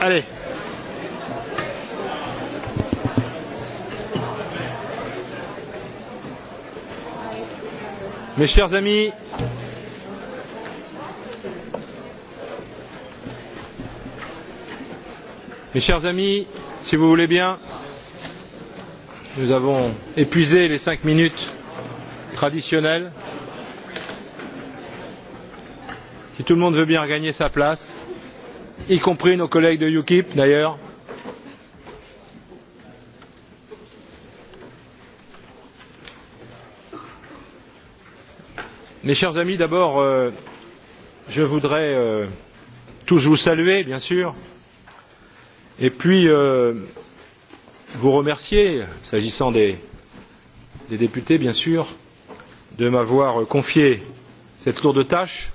Allez. Mes chers amis, mes chers amis, si vous voulez bien, nous avons épuisé les cinq minutes traditionnelles. Si tout le monde veut bien regagner sa place y compris nos collègues de ukip d'ailleurs. mes chers amis d'abord euh, je voudrais euh, tous vous saluer bien sûr et puis euh, vous remercier s'agissant des, des députés bien sûr de m'avoir confié cette lourde tâche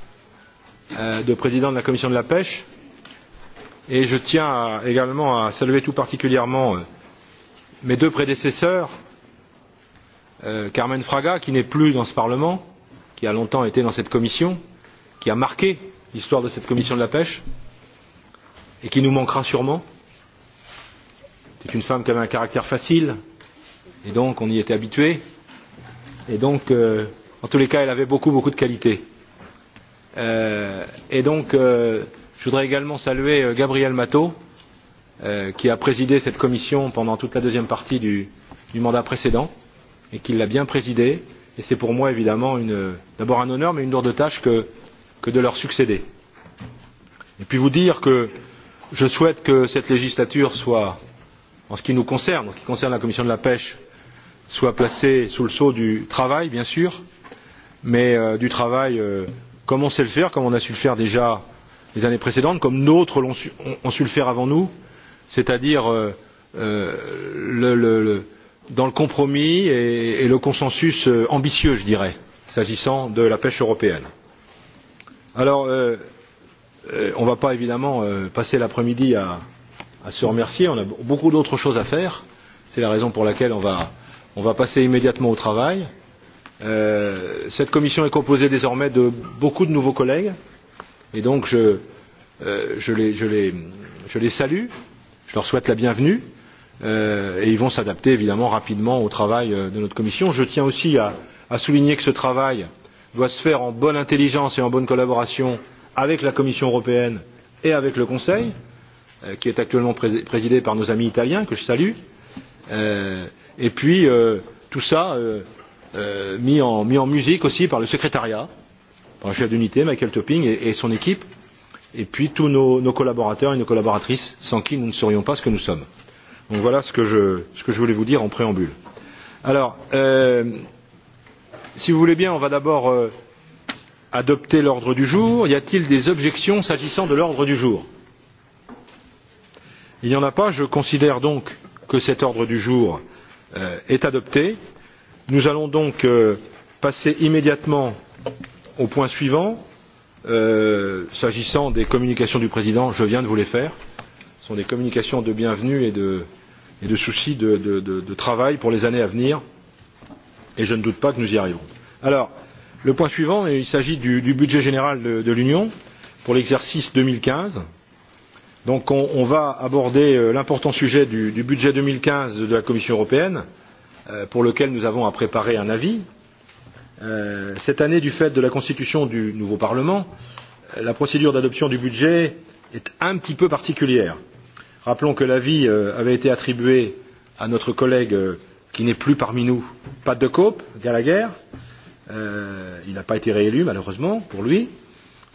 de président de la commission de la pêche et je tiens à, également à saluer tout particulièrement euh, mes deux prédécesseurs euh, carmen fraga qui n'est plus dans ce parlement qui a longtemps été dans cette commission qui a marqué l'histoire de cette commission de la pêche et qui nous manquera sûrement. C'est une femme qui avait un caractère facile et donc on y était habitué et donc euh, en tous les cas elle avait beaucoup beaucoup de qualités. Euh, et donc euh, je voudrais également saluer euh, gabriel mato euh, qui a présidé cette commission pendant toute la deuxième partie du, du mandat précédent et qui l'a bien présidée et c'est pour moi évidemment d'abord un honneur mais une lourde tâche que, que de leur succéder. et puis vous dire que je souhaite que cette législature soit en ce qui nous concerne en ce qui concerne la commission de la pêche soit placée sous le sceau du travail bien sûr mais euh, du travail euh, comme on sait le faire comme on a su le faire déjà les années précédentes comme d'autres ont, su le faire avant nous c'est à dire euh, euh, dans le compromis et, le consensus euh, ambitieux je dirais s'agissant de la pêche européenne. alors on ne va pas évidemment passer l'après midi à, se remercier on a beaucoup d'autres choses à faire c'est la raison pour laquelle on va, on va passer immédiatement au travail. cette commission est composée désormais de beaucoup de nouveaux collègues et donc je, euh, je, les, je, les, je les salue, je leur souhaite la bienvenue euh, et ils vont s'adapter évidemment rapidement au travail euh, de notre commission. Je tiens aussi à, à souligner que ce travail doit se faire en bonne intelligence et en bonne collaboration avec la Commission européenne et avec le Conseil, euh, qui est actuellement pré présidé par nos amis italiens, que je salue. Euh, et puis, euh, tout ça euh, euh, mis, en, mis en musique aussi par le secrétariat, euh, chef d'unité, Michael Topping et, et son équipe, et puis tous nos, nos collaborateurs et nos collaboratrices, sans qui nous ne serions pas ce que nous sommes. Donc voilà ce que je, ce que je voulais vous dire en préambule. Alors, euh, si vous voulez bien, on va d'abord euh, adopter l'ordre du jour. Y a-t-il des objections s'agissant de l'ordre du jour Il n'y en a pas. Je considère donc que cet ordre du jour euh, est adopté. Nous allons donc euh, passer immédiatement au point suivant euh, s'agissant des communications du président je viens de vous les faire ce sont des communications de bienvenue et de, et de souci de, de, de, de travail pour les années à venir et je ne doute pas que nous y arriverons. alors le point suivant il s'agit du, du budget général de, de l'union pour l'exercice deux mille quinze donc on, on va aborder euh, l'important sujet du, du budget deux mille quinze de la commission européenne euh, pour lequel nous avons à préparer un avis Euh, cette année, du fait de la constitution du nouveau Parlement, euh, la procédure d'adoption du budget est un petit peu particulière. Rappelons que l'avis euh, avait été attribué à notre collègue qui n'est plus parmi nous, Pat de Cope, Gallagher. Euh, il n'a pas été réélu, malheureusement, pour lui.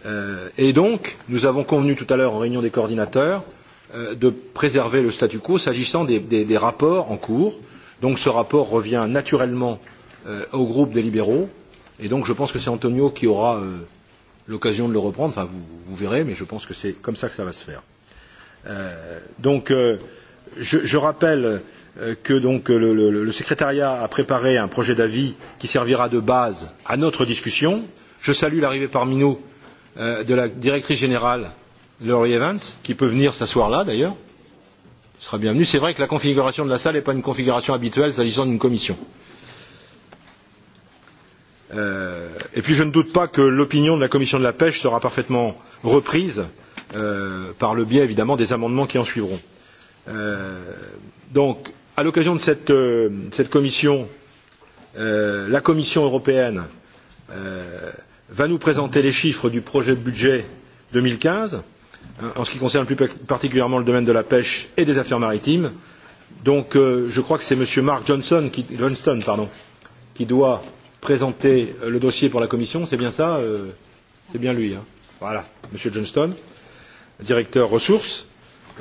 Euh, et donc, nous avons convenu tout à l'heure en réunion des coordinateurs euh, de préserver le statu quo s'agissant des, des, des rapports en cours. Donc ce rapport revient naturellement euh, au groupe des libéraux Et donc je pense que c'est Antonio qui aura euh, l'occasion de le reprendre. Enfin, vous, vous verrez, mais je pense que c'est comme ça que ça va se faire. Euh, donc, euh, je, je rappelle euh, que donc le, le, le secrétariat a préparé un projet d'avis qui servira de base à notre discussion. Je salue l'arrivée parmi nous euh, de la directrice générale Laurie Evans, qui peut venir s'asseoir là d'ailleurs. Ce sera bienvenu. C'est vrai que la configuration de la salle n'est pas une configuration habituelle s'agissant d'une commission. Euh, Euh, et puis je ne doute pas que l'opinion de la commission de la pêche sera parfaitement reprise euh, par le biais évidemment des amendements qui en suivront. Euh, donc, à l'occasion de cette, euh, cette commission, euh, la Commission européenne euh, va nous présenter les chiffres du projet de budget 2015 en ce qui concerne plus particulièrement le domaine de la pêche et des affaires maritimes. Donc euh, je crois que c'est M. Mark Johnson qui, Johnston pardon, qui doit présenté euh, le dossier pour la commission c'est bien ça euh, c'est bien lui hein. voilà monsieur johnston directeur ressources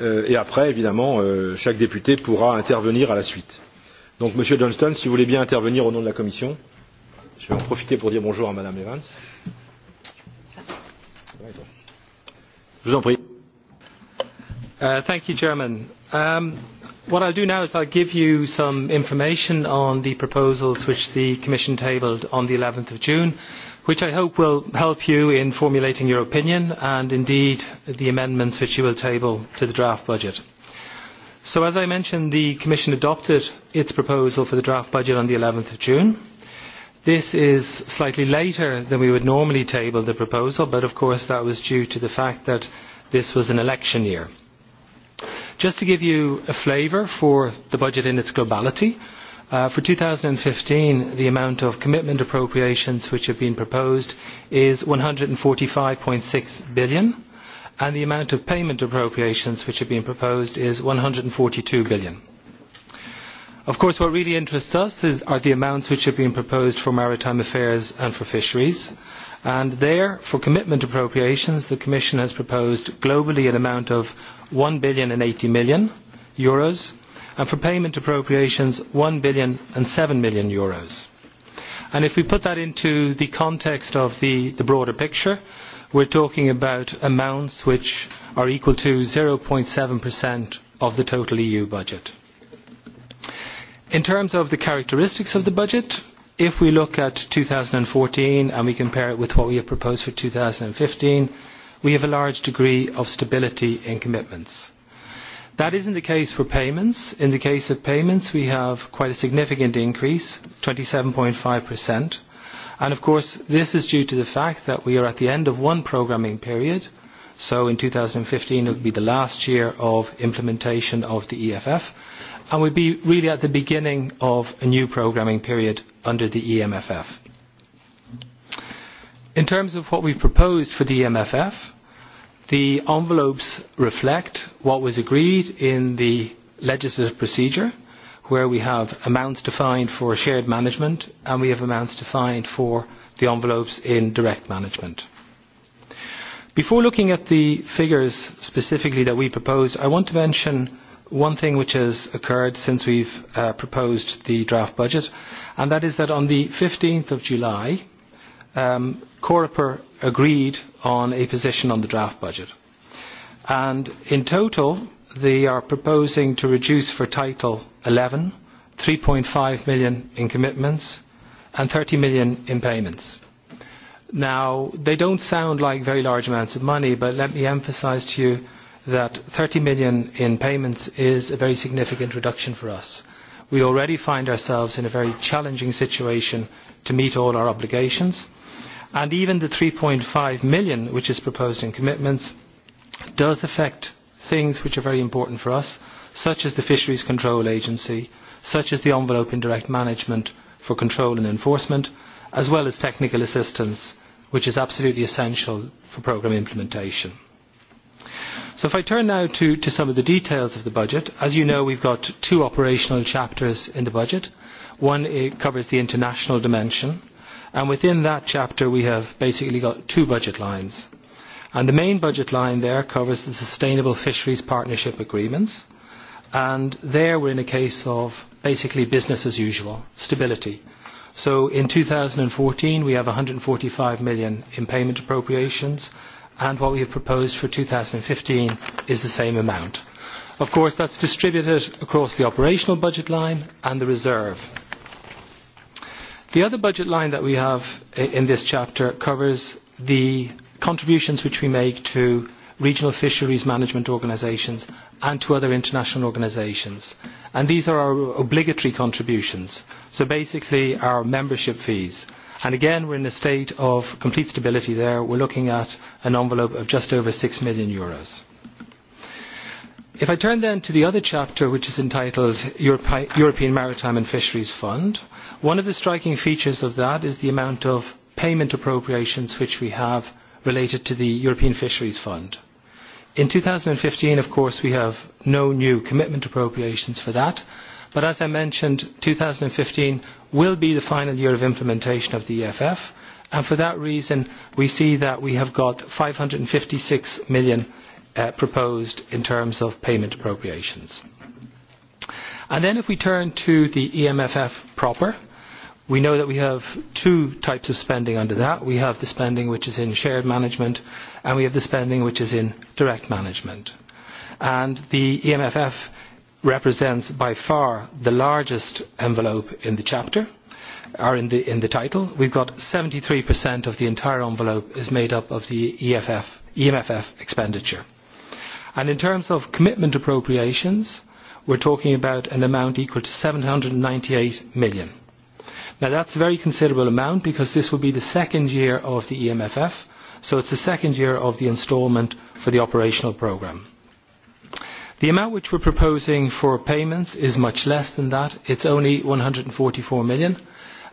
euh, et après évidemment euh, chaque député pourra intervenir à la suite donc monsieur johnston si vous voulez bien intervenir au nom de la commission je vais en profiter pour dire bonjour à madame evans je vous en prie uh, thank you chairman um, What I'll do now is I'll give you some information on the proposals which the Commission tabled on the 11th of June, which I hope will help you in formulating your opinion and indeed the amendments which you will table to the draft budget. So as I mentioned, the Commission adopted its proposal for the draft budget on the 11th of June. This is slightly later than we would normally table the proposal, but of course that was due to the fact that this was an election year. Just to give you a flavour for the budget in its globality, uh, for 2015, the amount of commitment appropriations which have been proposed is 145.6 billion, and the amount of payment appropriations which have been proposed is 142 billion. Of course, what really interests us is, are the amounts which have been proposed for maritime affairs and for fisheries. And there, for commitment appropriations, the Commission has proposed globally an amount of 1 billion and 80 million euros and for payment appropriations one billion and seven million euros. if we put that into the context of the, the broader picture, we are talking about amounts which are equal to 0.7% of the total EU budget. In terms of the characteristics of the budget, if we look at 2014 and we compare it with what we have proposed for 2015, we have a large degree of stability in commitments. That isn't the case for payments. In the case of payments, we have quite a significant increase, 27.5%. And of course, this is due to the fact that we are at the end of one programming period. So in 2015, it will be the last year of implementation of the EFF. And we'll be really at the beginning of a new programming period under the EMFF. In terms of what we've proposed for the EMFF, The envelopes reflect what was agreed in the legislative procedure, where we have amounts defined for shared management and we have amounts defined for the envelopes in direct management. Before looking at the figures specifically that we propose, I want to mention one thing which has occurred since we've uh, proposed the draft budget, and that is that on the 15th of July, um, Coreper agreed on a position on the draft budget. And in total, they are proposing to reduce for Title 11 3.5 million in commitments and 30 million in payments. Now, they don't sound like very large amounts of money, but let me emphasize to you that 30 million in payments is a very significant reduction for us. We already find ourselves in a very challenging situation to meet all our obligations and even the eur. three five million which is proposed in commitments does affect things which are very important for us, such as the Fisheries Control Agency, such as the envelope in direct management for control and enforcement, as well as technical assistance, which is absolutely essential for programme implementation. So if I turn now to, to some of the details of the budget, as you know we've got two operational chapters in the budget. One it covers the international dimension, And within that chapter, we have basically got two budget lines. And the main budget line there covers the Sustainable Fisheries Partnership Agreements. And there we're in a case of basically business as usual, stability. So in 2014 we have 145 million in payment appropriations and what we have proposed for 2015 is the same amount. Of course that's distributed across the operational budget line and the reserve. The other budget line that we have in this chapter covers the contributions which we make to regional fisheries management organisations and to other international organisations. And these are our obligatory contributions, so basically our membership fees. And again, we're in a state of complete stability there. We're looking at an envelope of just over 6 million euros. If I turn then to the other chapter, which is entitled Europe European Maritime and Fisheries Fund, one of the striking features of that is the amount of payment appropriations which we have related to the European Fisheries Fund. In 2015, of course, we have no new commitment appropriations for that, but as I mentioned, 2015 will be the final year of implementation of the EFF, and for that reason, we see that we have got 556 million million uh, proposed in terms of payment appropriations. And then if we turn to the EMFF proper, we know that we have two types of spending under that. We have the spending which is in shared management and we have the spending which is in direct management. And the EMFF represents by far the largest envelope in the chapter or in the in the title. We've got 73% of the entire envelope is made up of the EFF, EMFF expenditure in terms of commitment appropriations, we're talking about an amount equal to 798 million. Now that's a very considerable amount because this will be the second year of the EMFF, so it's the second year of the instalment for the operational programme. The amount which we're proposing for payments is much less than that. It's only 144 million,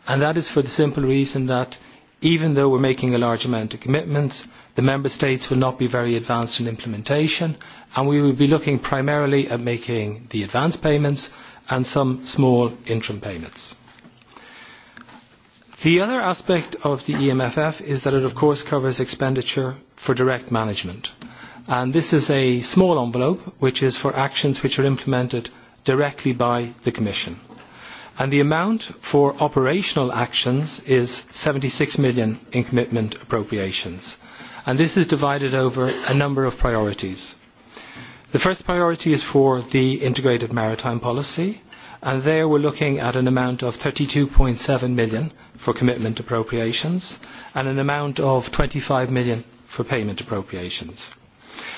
and that is for the simple reason that even though we are making a large amount of commitments, the member states will not be very advanced in implementation, and we will be looking primarily at making the advance payments and some small interim payments. The other aspect of the EMFF is that it of course covers expenditure for direct management. And this is a small envelope which is for actions which are implemented directly by the Commission and the amount for operational actions is 76 million in commitment appropriations and this is divided over a number of priorities. The first priority is for the integrated maritime policy and there we're looking at an amount of 32.7 million for commitment appropriations and an amount of 25 million for payment appropriations.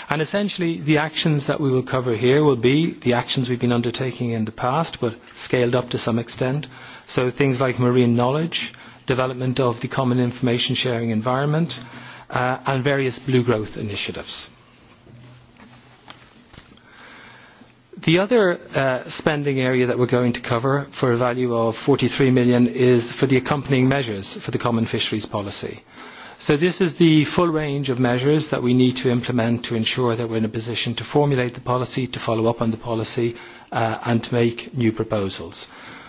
And essentially, the actions that we will cover here will be the actions we've been undertaking in the past, but scaled up to some extent. So things like marine knowledge, development of the common information sharing environment, uh, and various blue growth initiatives. The other uh, spending area that we're going to cover for a value of 43 million is for the accompanying measures for the common fisheries policy. So this is the full range of measures that we need to implement to ensure that we're in a position to formulate the policy, to follow up on the policy uh, and to make new proposals.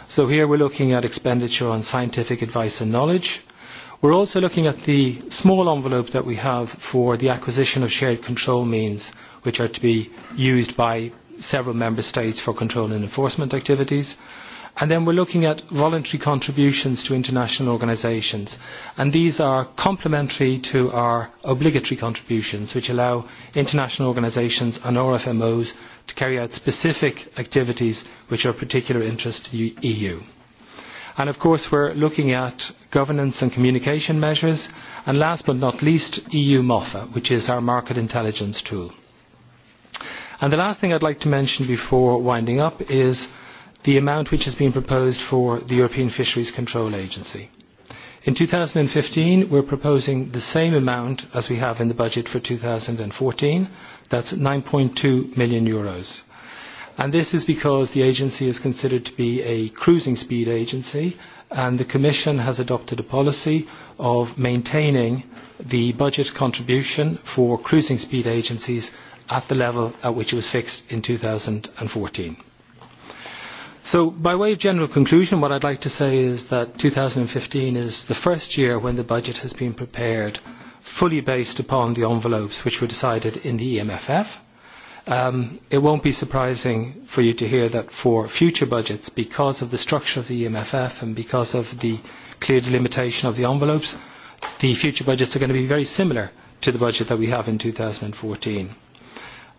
So here we're looking at expenditure on scientific advice and knowledge. We're also looking at the small envelope that we have for the acquisition of shared control means which are to be used by several member states for control and enforcement activities. And then we're looking at voluntary contributions to international organisations. And these are complementary to our obligatory contributions, which allow international organisations and RFMOs to carry out specific activities which are of particular interest to the EU. And of course, we're looking at governance and communication measures. And last but not least, EU MOFA, which is our market intelligence tool. And the last thing I'd like to mention before winding up is the amount which has been proposed for the European Fisheries Control Agency. In 2015, we're proposing the same amount as we have in the budget for 2014. That's 9.2 million euros. And this is because the agency is considered to be a cruising speed agency and the Commission has adopted a policy of maintaining the budget contribution for cruising speed agencies at the level at which it was fixed in 2014. So by way of general conclusion, what I'd like to say is that 2015 is the first year when the budget has been prepared fully based upon the envelopes which were decided in the EMFF. Um, it won't be surprising for you to hear that for future budgets, because of the structure of the EMFF and because of the clear delimitation of the envelopes, the future budgets are going to be very similar to the budget that we have in 2014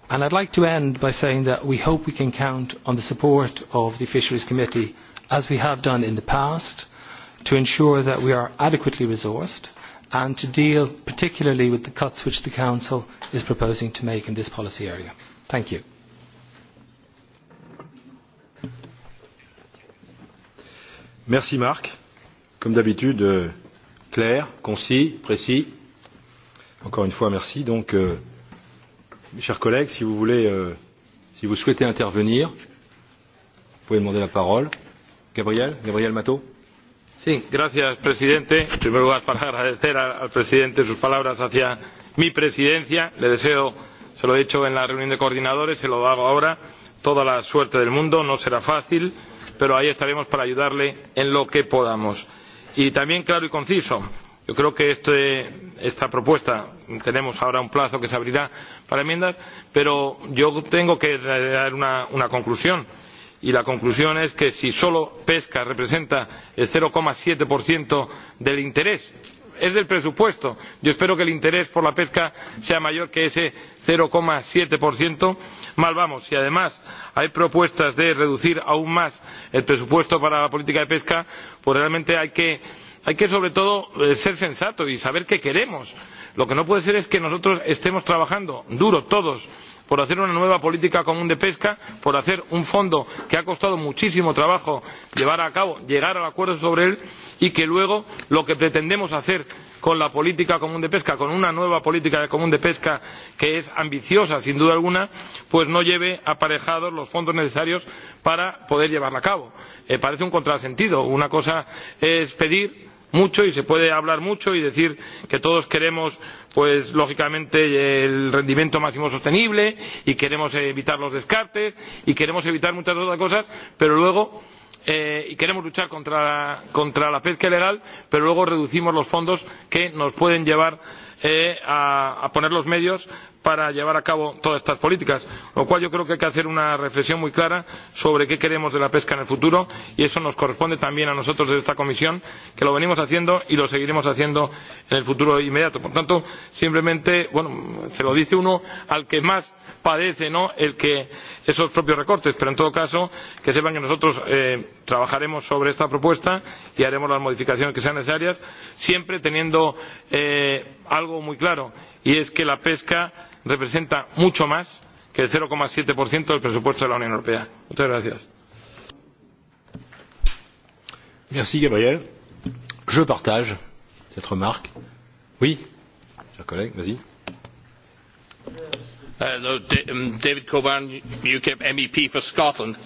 i I'd like to end by saying that we hope we can count on the support of the Fisheries Committee, as we have done in the past, to ensure that we are adequately resourced and to deal particularly with the cuts which the Council is proposing to make in this policy area. Thank you. Merci Marc. Comme d'habitude, euh, clair, concis, précis. Encore une fois, merci. Donc, euh, Mes chers collègues, si vous voulez, euh, si vous souhaitez intervenir, vous pouvez demander la parole. Gabriel, Gabriel Mato. Sí, gracias, presidente. En primer lugar, para agradecer al presidente sus palabras hacia mi presidencia. Le deseo, se lo he hecho en la reunión de coordinadores, se lo hago ahora, toda la suerte del mundo. No será fácil, pero ahí estaremos para ayudarle en lo que podamos. Y también claro y conciso yo creo que esta propuesta tenemos ahora un plazo que se abrirá para enmiendas pero yo tengo que dar una, una conclusión y la conclusión es que si solo pesca representa el cero siete del interés es del presupuesto yo espero que el interés por la pesca sea mayor que ese cero siete mal vamos. si además hay propuestas de reducir aún más el presupuesto para la política de pesca pues realmente hay que hay que sobre todo eh, ser sensato y saber qué queremos. lo que no puede ser es que nosotros estemos trabajando duro todos por hacer una nueva política común de pesca por hacer un fondo que ha costado muchísimo trabajo llevar a cabo llegar al acuerdo sobre él y que luego lo que pretendemos hacer con la política común de pesca con una nueva política común de pesca que es ambiciosa sin duda alguna pues no lleve aparejados los fondos necesarios para poder llevarla a cabo. Eh, parece un contrasentido una cosa es pedir mucho y se puede hablar mucho y decir que todos queremos pues lógicamente el rendimiento máximo sostenible y queremos evitar los descartes y queremos evitar muchas otras cosas eh, y queremos luchar contra, la pesca ilegal pero luego reducimos los fondos que nos pueden llevar eh, a poner los medios para llevar a cabo todas estas políticas lo cual yo creo que hay que hacer una reflexión muy clara sobre qué queremos de la pesca en el futuro y eso nos corresponde también a nosotros desde esta comisión que lo venimos haciendo y lo seguiremos haciendo en el futuro inmediato. por tanto simplemente bueno se lo dice uno al que más padece ¿no? el que esos propios recortes pero en todo caso que sepan que nosotros eh, trabajaremos sobre esta propuesta y haremos las modificaciones que sean necesarias siempre teniendo eh, algo muy claro y es que la pesca representa mucho más que el cero siete del presupuesto de la unión europea. muchas gracias. merci gabriel. je partage cette remarque. oui cher collègue vas y. Uh, um, David Coburn, UKIP MEP for Scotland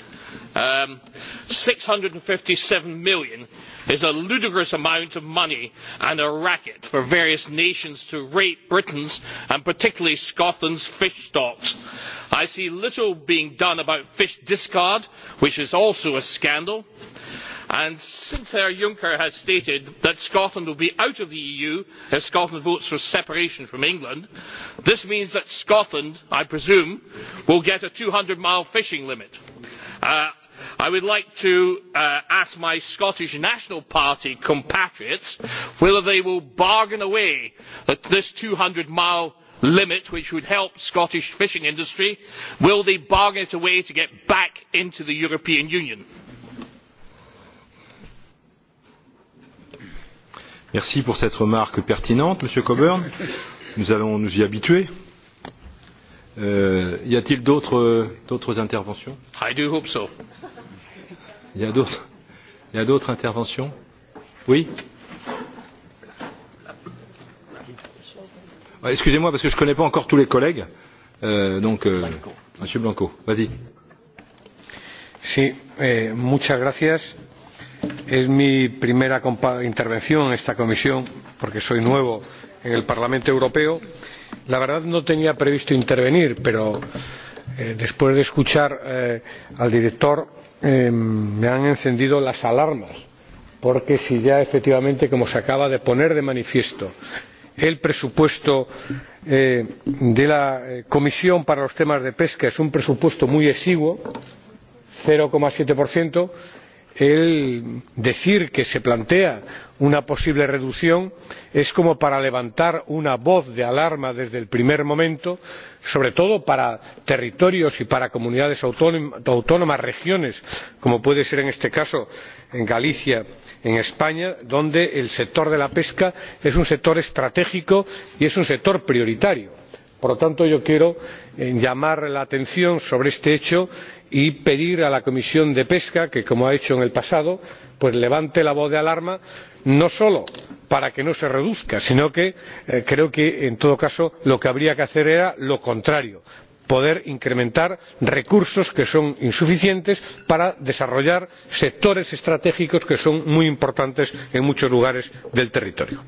Um, six hundred and fifty seven million is a ludicrous amount of money and a racket for various nations to rape Britain's and particularly Scotland's fish stocks. I see little being done about fish discard, which is also a scandal. And since herr Juncker has stated that Scotland will be out of the EU if Scotland votes for separation from England. This means that Scotland, I presume, will get a two hundred mile fishing limit. Uh, i would like to uh, ask my scottish national party compatriots whether they will bargain away this two hundred mile limit which would help the scottish fishing industry will they bargain it away to get back into the european union? merci pour cette remarque pertinente monsieur coburn nous allons nous y habituer. Euh, y a t il d'autres interventions? i do hope so. Il y a d'autres, il y a d'autres interventions Oui Excusez-moi parce que je ne connais pas encore tous les collègues. Euh, donc, euh, Monsieur Blanco, vas-y. Sí, eh, muchas gracias. Es mi primera intervención en esta comisión porque soy nuevo en el Parlamento Europeo. La verdad no tenía previsto intervenir, pero eh, después de escuchar eh, al director me han encendido las alarmas porque si ya efectivamente como se acaba de poner de manifiesto el presupuesto eh, de la eh, comisión para los temas de pesca es un presupuesto muy exiguo cero siete el decir que se plantea una posible reducción es como para levantar una voz de alarma desde el primer momento sobre todo para territorios y para comunidades autónomas regiones como puede ser en este caso galicia en españa donde el sector de la pesca es un sector estratégico y es un sector prioritario. por lo tanto yo quiero eh, llamar la atención sobre este hecho y y pedir a la comisión de pesca que como ha hecho en el pasado levante la voz de alarma no solo para que no se reduzca sino que eh, creo que en todo caso lo que habría que hacer es lo contrario poder incrementar recursos que son insuficientes para desarrollar sectores estratégicos que son muy importantes en muchos lugares del territorio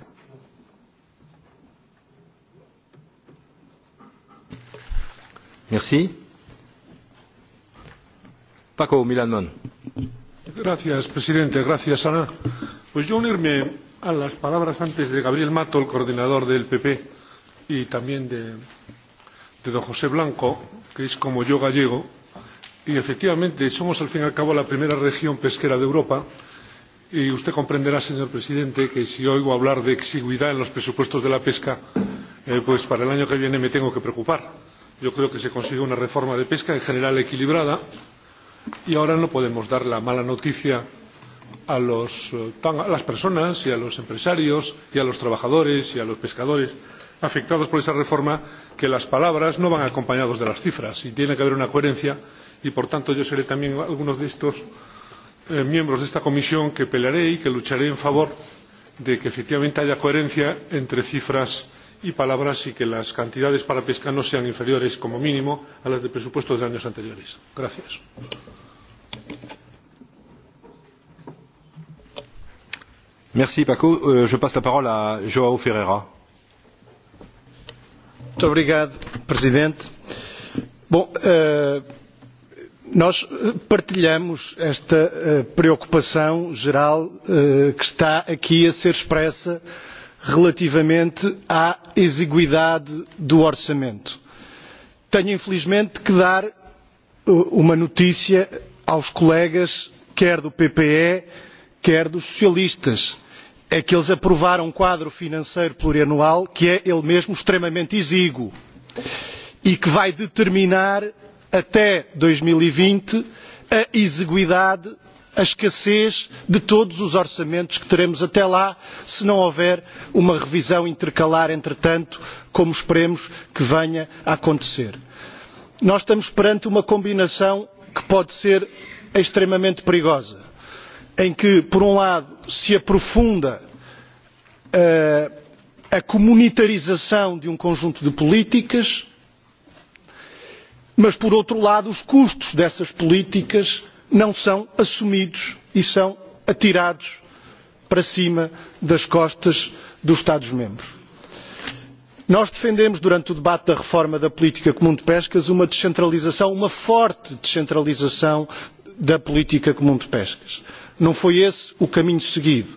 señor presidente. Gracias, Ana. Pues yo unirme a las palabras antes de Gabriel Mato, el coordinador del grupo ppe y también de, don José Blanco, que es como yo gallego, y efectivamente somos al fin y al cabo la primera región pesquera de Europa, y usted comprenderá, señor presidente, que si oigo hablar de exigüidad en los presupuestos de la pesca, eh, pues para el año que viene me tengo que preocupar. Yo creo que se consigue una reforma de pesca en general equilibrada, y ahora no podemos dar la mala noticia a, los, eh, a las personas y a los empresarios y a los trabajadores y a los pescadores afectados por esa reforma que las palabras no van acompañadas de las cifras y tiene que haber una coherencia y por tanto yo seré también algunos de estos eh, miembros de esta comisión que pelearé y que lucharé en favor de que efectivamente haya coherencia entre cifras y y palabras y que las cantidades para pesca no sean inferiores como mínimo a las del presupuesto de años anteriores. gracias. Merci Paco. Uh, je passe la parole à João Ferreira. Muito obrigado, Presidente. Bom, eh, nós eh, partilhamos esta eh, preocupação geral que está aqui a ser expressa uh, relativamente à exiguidade do orçamento. Tenho, infelizmente, que dar eh, uma notícia aos colegas, quer do PPE, quer dos socialistas. É que eles aprovaram um quadro financeiro plurianual que é ele mesmo extremamente exíguo e que vai determinar até 2020 a exiguidade a escassez de todos os orçamentos que teremos até lá, se não houver uma revisão intercalar, entretanto, como esperemos que venha a acontecer. Nós estamos perante uma combinação que pode ser extremamente perigosa, em que, por um lado, se aprofunda uh, a comunitarização de um conjunto de políticas, mas, por outro lado, os custos dessas políticas não são assumidos e são atirados para cima das costas dos estados membros. nós defendemos durante o debate da reforma da política comum de pesca uma descentralização uma forte descentralização da política comum de pesca. não foi esse o caminho seguido.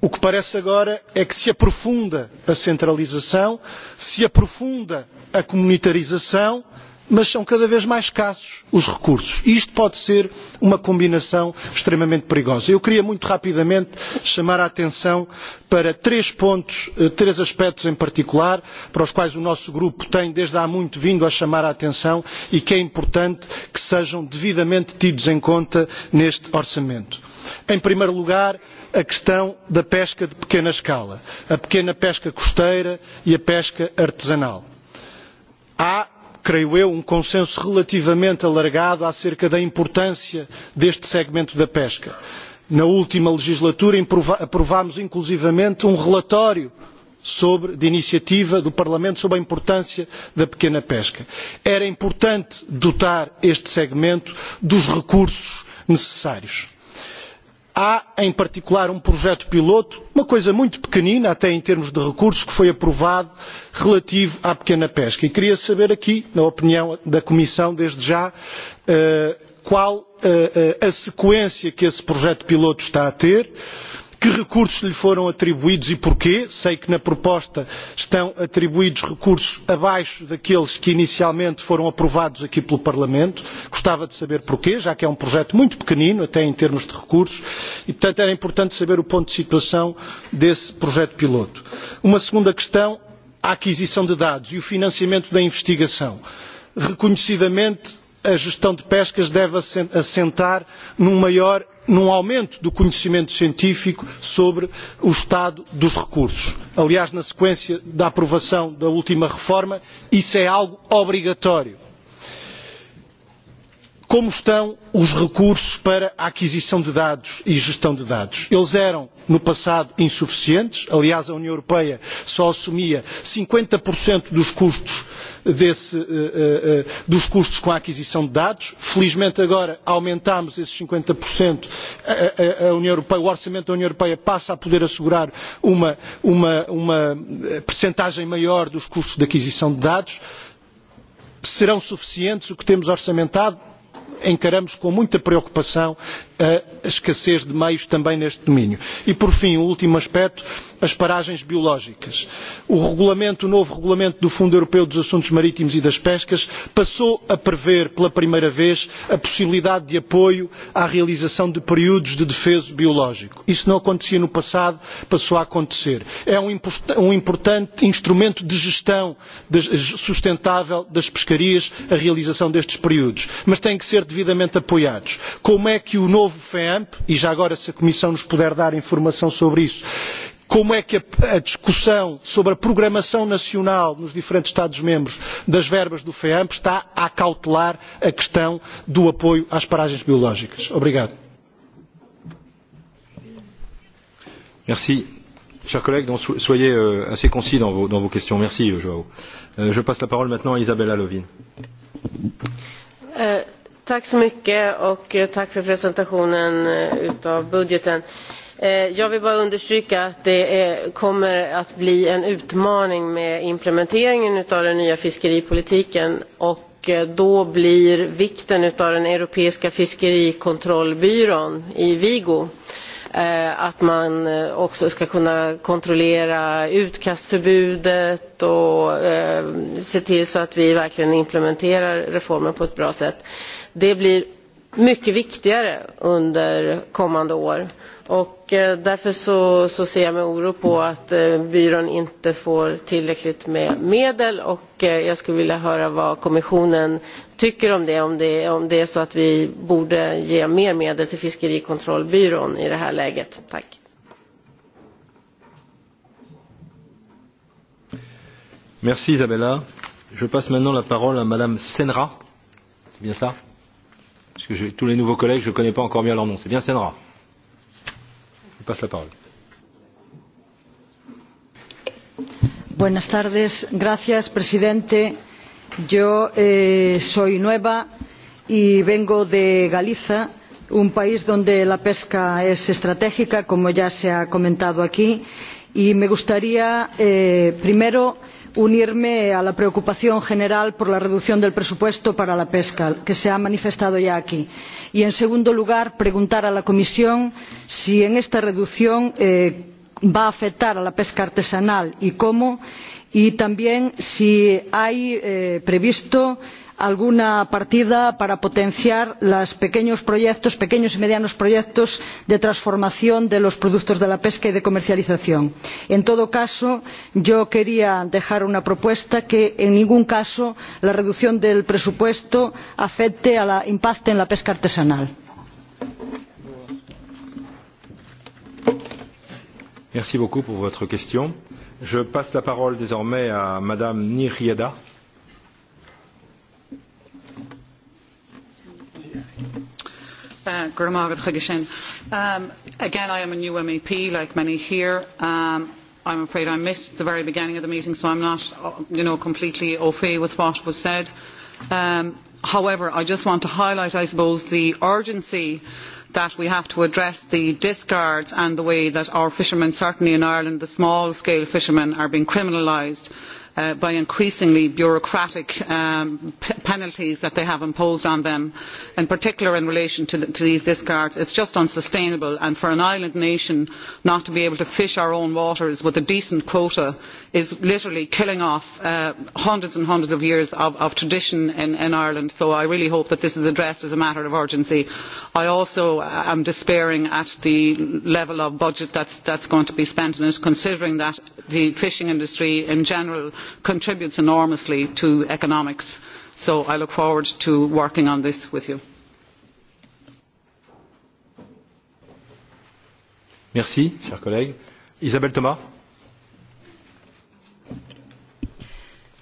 o que parece agora é que se aprofunda a centralização se aprofunda a comunitarização mas são cada vez mais escassos os recursos. E isto pode ser uma combinação extremamente perigosa. Eu queria muito rapidamente chamar a atenção para três pontos, eh, três aspectos em particular, para os quais o nosso grupo tem desde há muito vindo a chamar a atenção e que é importante que sejam devidamente tidos em conta neste orçamento. Em primeiro lugar, a questão da pesca de pequena escala, a pequena pesca costeira e a pesca artesanal. Há creio eu um consenso relativamente alargado acerca da importância deste segmento da pesca. na última legislatura aprovámos inclusivamente um relatório sobre, de iniciativa do parlamento sobre a importância da pequena pesca. era importante dotar este segmento dos recursos necessários há em particular um projeto piloto uma coisa muito pequenina até em termos de recursos que foi aprovado relativo à pequena pesca e queria saber aqui na opinião da comissão desde já eh, qual eh, eh, a sequência que esse projeto piloto está a ter se que recursos lhe foram atribuídos e porquê sei que na proposta estão atribuídos recursos abaixo daqueles que inicialmente foram aprovados aqui pelo parlamento gostava de saber porquê já que é um projeto muito pequenino até em termos de recursos e portanto era importante saber o ponto de situação desse projeto piloto. uma segunda questão a aquisição de dados e o financiamento da investigação. reconhecidamente a gestão de pescas deve assentar num maior num aumento do conhecimento científico sobre o estado dos recursos. aliás na sequência da aprovação da última reforma isso é algo obrigatório como estão os recursos para a aquisição de dados e gestão de dados? Eles eram, no passado, insuficientes. Aliás, a União Europeia só assumia 50% dos custos, desse, eh, eh, eh, dos custos com a aquisição de dados. Felizmente, agora aumentámos esses 50%. A, a, a União Europeia, o orçamento da União Europeia passa a poder assegurar uma, uma, uma percentagem maior dos custos de aquisição de dados. Serão suficientes o que temos orçamentado? encaramos com muita preocupação a escassez de meios também neste domínio. E, por fim, o um último aspecto, as paragens biológicas. O novo regulamento do Fundo Europeu dos Assuntos Marítimos e das Pescas passou a prever pela primeira vez a possibilidade de apoio à realização de períodos de defeso biológico. Isso não acontecia no passado, passou a acontecer. É um, um importante instrumento de gestão sustentável das pescarias a realização destes períodos, mas têm que ser devidamente apoiados. Como é que o novo feamp e já agora se a comissão nos puder dar informação sobre isso como é que a, a discussão sobre a programação nacional nos diferentes estados membros das verbas do feamp está a cautelar a questão do apoio às paragens biológicas? obrigado. Merci. Chers collègues, donc, soyez euh, assez concis dans vos, dans vos questions. Merci, euh, Joao. Euh, je passe la parole maintenant à Isabella Lovin. Euh Eh, tack för presentationen eh, av budgeten. Eh, jag vill bara understryka att det kommer att bli en utmaning med implementeringen av den nya fiskeripolitiken och då blir vikten av den europeiska fiskerikontrollbyrån i Vigo att man också ska kunna kontrollera utkastförbudet och se till så att vi verkligen implementerar reformen på ett bra sätt det blir mycket viktigare under kommande år. Och eh, därför så, så ser jag med oro på att eh, byrån inte får tillräckligt med medel och eh, jag skulle vilja höra vad kommissionen tycker om det, om det, om det är så att vi borde ge mer medel till fiskerikontrollbyrån i det här läget. Tack. Merci Isabella. Je passe maintenant la parole à Madame Senra. C'est bien ça Parce que je, tous les nouveaux collègues, je ne connais pas encore bien leur nom. C'est bien Senra. Je passe la parole. Buenas tardes. Gracias, presidente. Yo eh, soy nueva y vengo de Galiza, un país donde la pesca es estratégica, como ya se ha comentado aquí. Y me gustaría, eh, primero, unirme a la preocupación general por la reducción del presupuesto para la pesca que se ha manifestado ya aquí y en segundo lugar preguntar a la comisión si esta reducción eh, va a afectar a la pesca artesanal y cómo y también si hay eh, previsto que alguna partida para potenciar los pequeños proyectos pequeños y medianos proyectos de transformación de los productos de la pesca y de comercialización. en todo caso yo quería dejar una propuesta que en ningún caso la reducción del presupuesto afecte impacte en la pesca artesanal. Uh, um, again, I am a new MEP, like many here. Um, I'm afraid I missed the very beginning of the meeting, so I'm not uh, you know, completely au fait with what was said. Um, however, I just want to highlight, I suppose, the urgency that we have to address the discards and the way that our fishermen, certainly in Ireland, the small-scale fishermen, are being criminalised. Uh, Uh, by increasingly bureaucratic um, penalties that they have imposed on them in particular in relation to, these discards it is just unsustainable and for an island nation not to be able to fish our own waters with a decent quota is literally killing off uh, hundreds and hundreds of years of, tradition in, in ireland so i really hope that this is addressed as a matter of urgency. i also uh, am despairing at the level of budget that is going to be spent on it considering that the fishing industry in general contributes enormously to economics. So I look forward to working on this with you. Merci, chers collègues. Isabelle Thomas.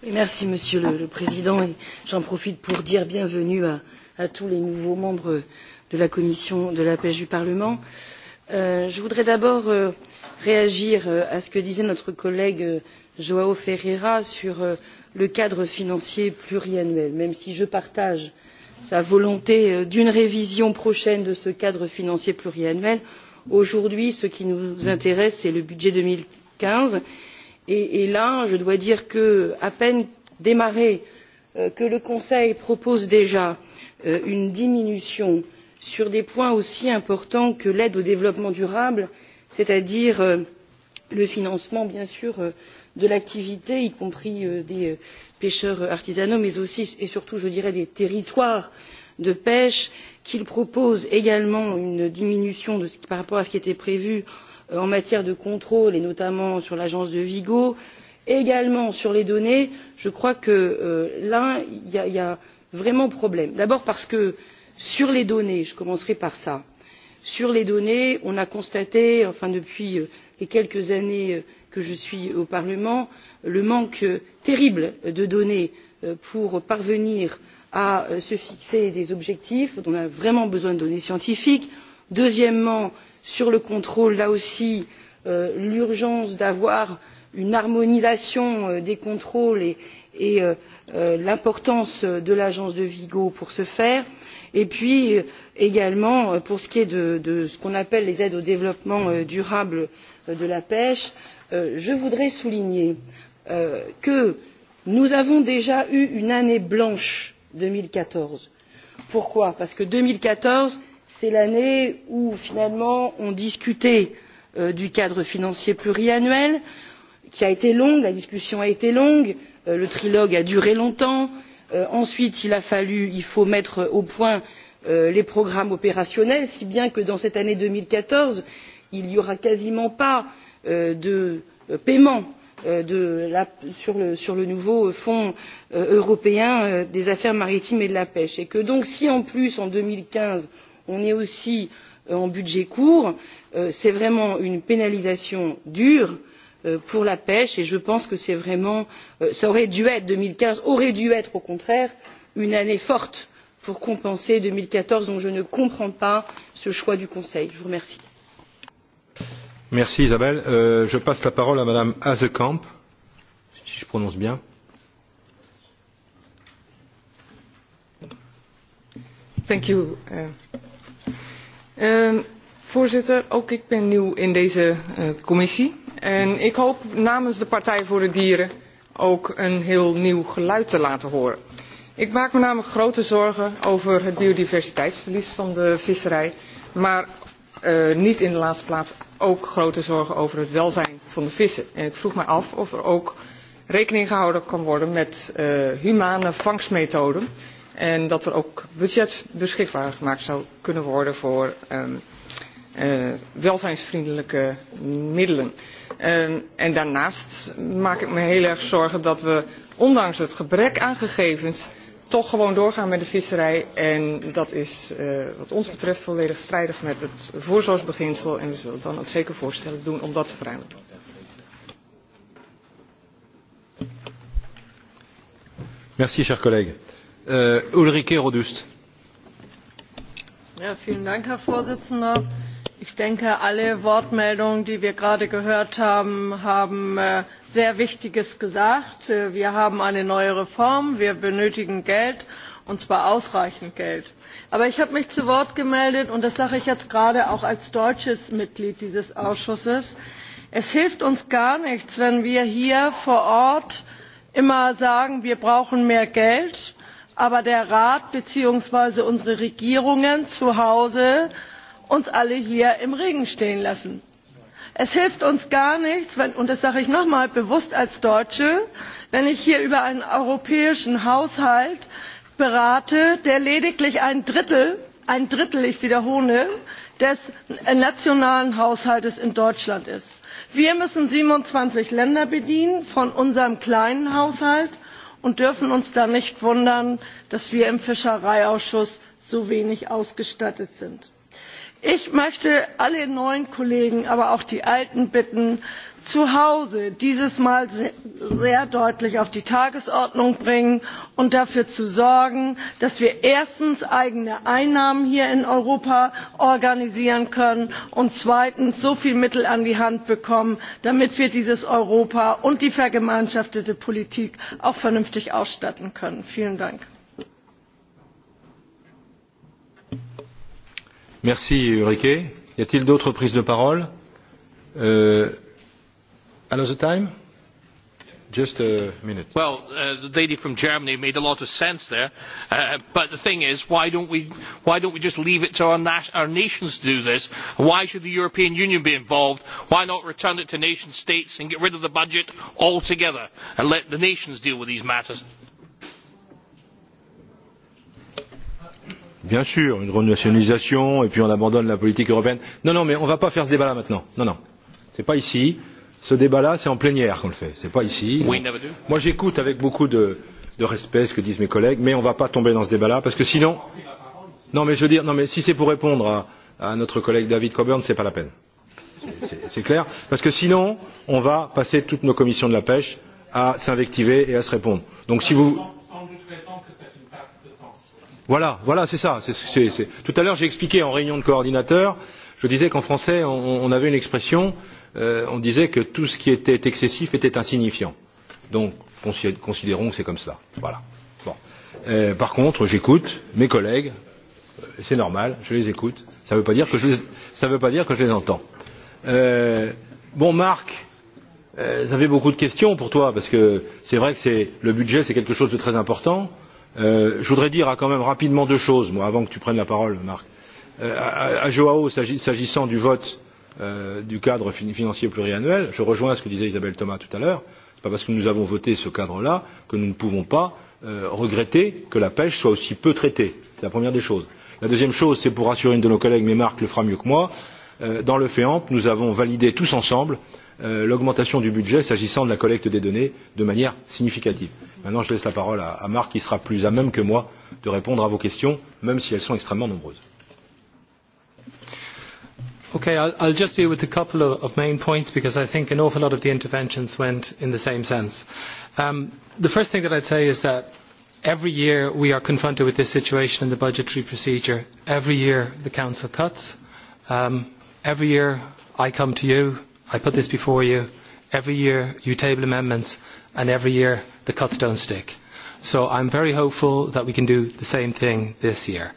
Merci, monsieur le, le président et j'en profite pour dire bienvenue à, à tous les nouveaux membres de la commission de la pêche du parlement. Euh, je voudrais d'abord euh, réagir euh, à ce que disait notre collègue euh, joo ferreira sur euh, le cadre financier pluriannuel même si je partage sa volonté euh, d'une révision prochaine de ce cadre financier pluriannuel aujourd'hui ce qui nous intéresse c'est le budget deux mille quinze et là je dois dire que à peine démarré euh, que le conseil propose déjà une diminution sur des points aussi importants que l'aide au développement durable c'est à dire le financement bien sûr de l'activité y compris euh, des euh, pêcheurs artisanaux mais aussi et surtout je dirais des territoires de pêche qu'il propose également une diminution par rapport à ce qui était prévu euh, en matière de contrôle et notamment sur l'agence de vigo également sur les données je crois que là il y, a vraiment problème. d'abord parce que sur les données je commencerai par cela sur les données on a constaté enfin depuis les quelques années que je suis au parlement le manque terrible de données euh, pour parvenir à euh, se fixer des objectifs on a vraiment besoin de données scientifiques. deuxièmement sur le contrôle là aussi euh, l'urgence d'avoir une harmonisation des contrôles et, l'importance de l'agence de vigo pour ce faire et puis également pour ce qui est de ce qu'on appelle les aides au développement durable de la pêche Euh, je voudrais souligner euh, que nous avons déjà eu une année blanche deux mille quatorze pourquoi? parce que deux mille quatorze c'est l'année où finalement on discutait euh, du cadre financier pluriannuel qui a été longue la discussion a été longue le trilogue a duré longtemps ensuite il a fallu il faut mettre au point les programmes opérationnels si bien que dans cette année deux mille quatorze il n'y aura quasiment pas Euh, de paiement euh, sur, le, sur le nouveau fonds euh, européen des affaires maritimes et de la pêche et que donc si en plus en deux mille quinze on est aussi en budget court c'est vraiment une pénalisation dure pour la pêche et je pense que c'est vraiment ça aurait dû être deux mille quinze aurait dû être au contraire une année forte pour compenser deux mille quatorze donc je ne comprends pas ce choix du conseil. je vous remercie. Merci Isabelle. Euh, je passe la parole à Madame Hazekamp, si je prononce bien. Thank you. Uh, uh, voorzitter, ook ik ben nieuw in deze uh, commissie. En ik hoop namens de Partij voor de Dieren ook een heel nieuw geluid te laten horen. Ik maak me namelijk grote zorgen over het biodiversiteitsverlies van de visserij, maar uh, niet in de laatste plaats ook grote zorgen over het welzijn van de vissen. En ik vroeg me af of er ook rekening gehouden kan worden met uh, humane vangstmethoden. En dat er ook budget beschikbaar gemaakt zou kunnen worden voor um, uh, welzijnsvriendelijke middelen. Um, en daarnaast maak ik me heel erg zorgen dat we, ondanks het gebrek aan gegevens, toch gewoon doorgaan met de visserij. En dat is uh, wat ons betreft volledig strijdig met het voorzorgsbeginsel. En we zullen dan ook zeker voorstellen doen om dat te veranderen. Merci, cher collègue. Uh, Ulrike Rodust. Ja, vielen Dank, Herr Vorsitzender ich denke alle wortmeldungen die wir gerade gehört haben haben äh, sehr wichtiges gesagt. Äh, wir haben eine neue reform wir benötigen geld und zwar ausreichend geld. aber ich habe mich zu wort gemeldet und das sage ich jetzt gerade auch als deutsches mitglied dieses ausschusses es hilft uns gar nichts wenn wir hier vor ort immer sagen wir brauchen mehr geld aber der rat beziehungsweise unsere regierungen zu hause uns alle hier im regen stehen lassen. es hilft uns gar nichts und das sage ich noch einmal bewusst als deutsche wenn ich hier über einen europäischen haushalt berate der lediglich ein drittel ein drittel ich wiederhole des nationalen haushalts in deutschland ist. wir müssen siebenundzwanzig länder bedienen von unserem kleinen haushalt und dürfen uns da nicht wundern dass wir im fischereiausschuss so wenig ausgestattet sind ich möchte alle neuen kollegen aber auch die alten bitten zu hause dieses mal sehr deutlich auf die tagesordnung zu bringen und dafür zu sorgen dass wir erstens eigene einnahmen hier in europa organisieren können und zweitens so viele mittel an die hand bekommen damit wir dieses europa und die vergemeinschaftete politik auch vernünftig ausstatten können. vielen dank! Merci Ulrike. Y a-t-il d'autres prises de parole euh, Another time Just a minute. Well, uh, the lady from Germany made a lot of sense there, uh, but the thing is, why don't we why don't we just leave it to our, na our nations to do this? Why should the European Union be involved? Why not return it to nation states and get rid of the budget altogether and let the nations deal with these matters? bien sûr une renationalisation et puis on abandonne la politique européenne. non non mais on ne va pas faire ce débat là maintenant. non non ce n'est pas ici. ce débat là c'est en plénière qu'on le fait. ce n'est pas ici. Oui, moi j'écoute avec beaucoup de, de respect ce que disent mes collègues mais on ne va pas tomber dans ce débat là parce que sinon non mais je veux dire non mais si c'est pour répondre à, à notre collègue David Coburn ce n'est pas la peine. C'est clair parce que sinon on va passer toutes nos commissions de la pêche à s'invectiver et à se répondre. Donc si vous voilà, voilà c'est ça. C est, c est, c est... tout à l'heure j'ai expliqué en réunion de coordinateurs je disais qu'en français on, on avait une expression euh, on disait que tout ce qui était excessif était insignifiant donc considérons que c'est comme cela voilà. bon. euh, par contre j'écoute mes collègues euh, c'est normal je les écoute ça ne veut pas dire que les, veut pas dire que je les entends euh, bon Marc euh, j'avais beaucoup de questions pour toi parce que c'est vrai que le budget c'est quelque chose de très important euh, Euh, je voudrais dire quand même rapidement deux choses moi, avant que tu prennes la parole Marc. Euh, à, à Joao, s'agissant du vote euh, du cadre financier pluriannuel, je rejoins ce que disait Isabelle Thomas tout à l'heure. Ce n'est pas parce que nous avons voté ce cadre-là que nous ne pouvons pas euh, regretter que la pêche soit aussi peu traitée. C'est la première des choses. La deuxième chose, c'est pour rassurer une de nos collègues, mais Marc le fera mieux que moi. Euh, dans le FEAMP, nous avons validé tous ensemble euh, Euh, l'augmentation du budget s'agissant de la collecte des données de manière significative. Maintenant, je laisse la parole à, à Marc qui sera plus à même que moi de répondre à vos questions, même si elles sont extrêmement nombreuses. Okay, I'll, I'll just deal with a couple of, of main points because I think an awful lot of the interventions went in the same sense. Um, the first thing that I'd say is that every year we are confronted with this situation in the budgetary procedure. Every year the Council cuts. Um, every year I come to you I put this before you. Every year you table amendments and every year the cuts don't stick. So I'm very hopeful that we can do the same thing this year.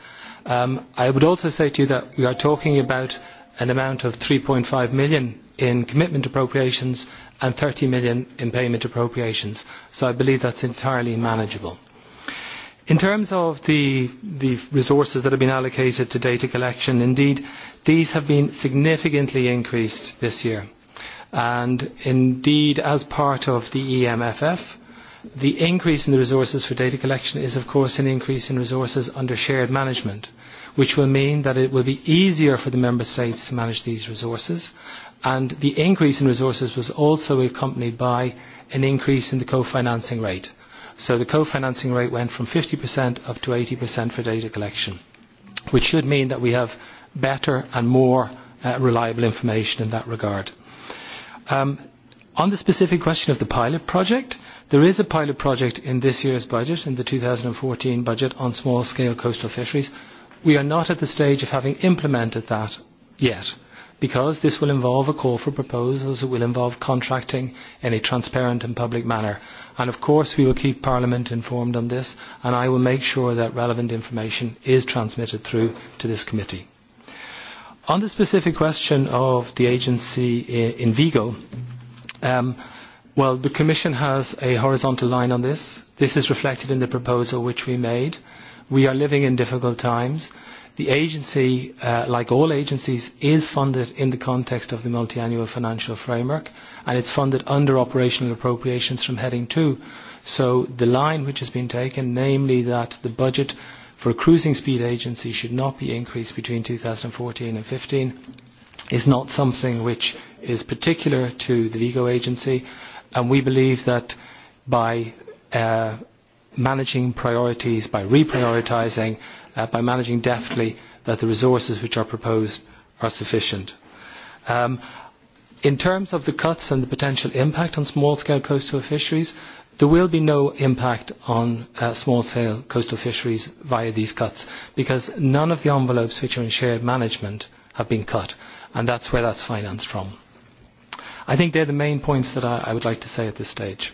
Um, I would also say to you that we are talking about an amount of 3.5 million in commitment appropriations and 30 million in payment appropriations. So I believe that's entirely manageable. In terms of the, the resources that have been allocated to data collection, indeed, these have been significantly increased this year. And indeed, as part of the EMFF, the increase in the resources for data collection is, of course, an increase in resources under shared management, which will mean that it will be easier for the member states to manage these resources. And the increase in resources was also accompanied by an increase in the co-financing rate. So the co-financing rate went from 50% up to 80% for data collection, which should mean that we have better and more uh, reliable information in that regard. Um, on the specific question of the pilot project, there is a pilot project in this year's budget, in the 2014 budget, on small-scale coastal fisheries. We are not at the stage of having implemented that yet because this will involve a call for proposals, it will involve contracting in a transparent and public manner. And of course we will keep Parliament informed on this and I will make sure that relevant information is transmitted through to this committee. On the specific question of the agency in Vigo, um, well, the Commission has a horizontal line on this. This is reflected in the proposal which we made. We are living in difficult times. The agency, uh, like all agencies, is funded in the context of the multiannual financial framework, and it's funded under operational appropriations from heading two. So the line which has been taken, namely that the budget for a cruising speed agency should not be increased between 2014 and 15 is not something which is particular to the Vigo agency and we believe that by uh, managing priorities, by reprioritising, uh, by managing deftly that the resources which are proposed are sufficient. Um, in terms of the cuts and the potential impact on small-scale coastal fisheries, There will be no impact on uh, small-scale coastal fisheries via these cuts because none of the envelopes which are in shared management have been cut, and that's where that's financed from. I think they're the main points that I, I would like to say at this stage.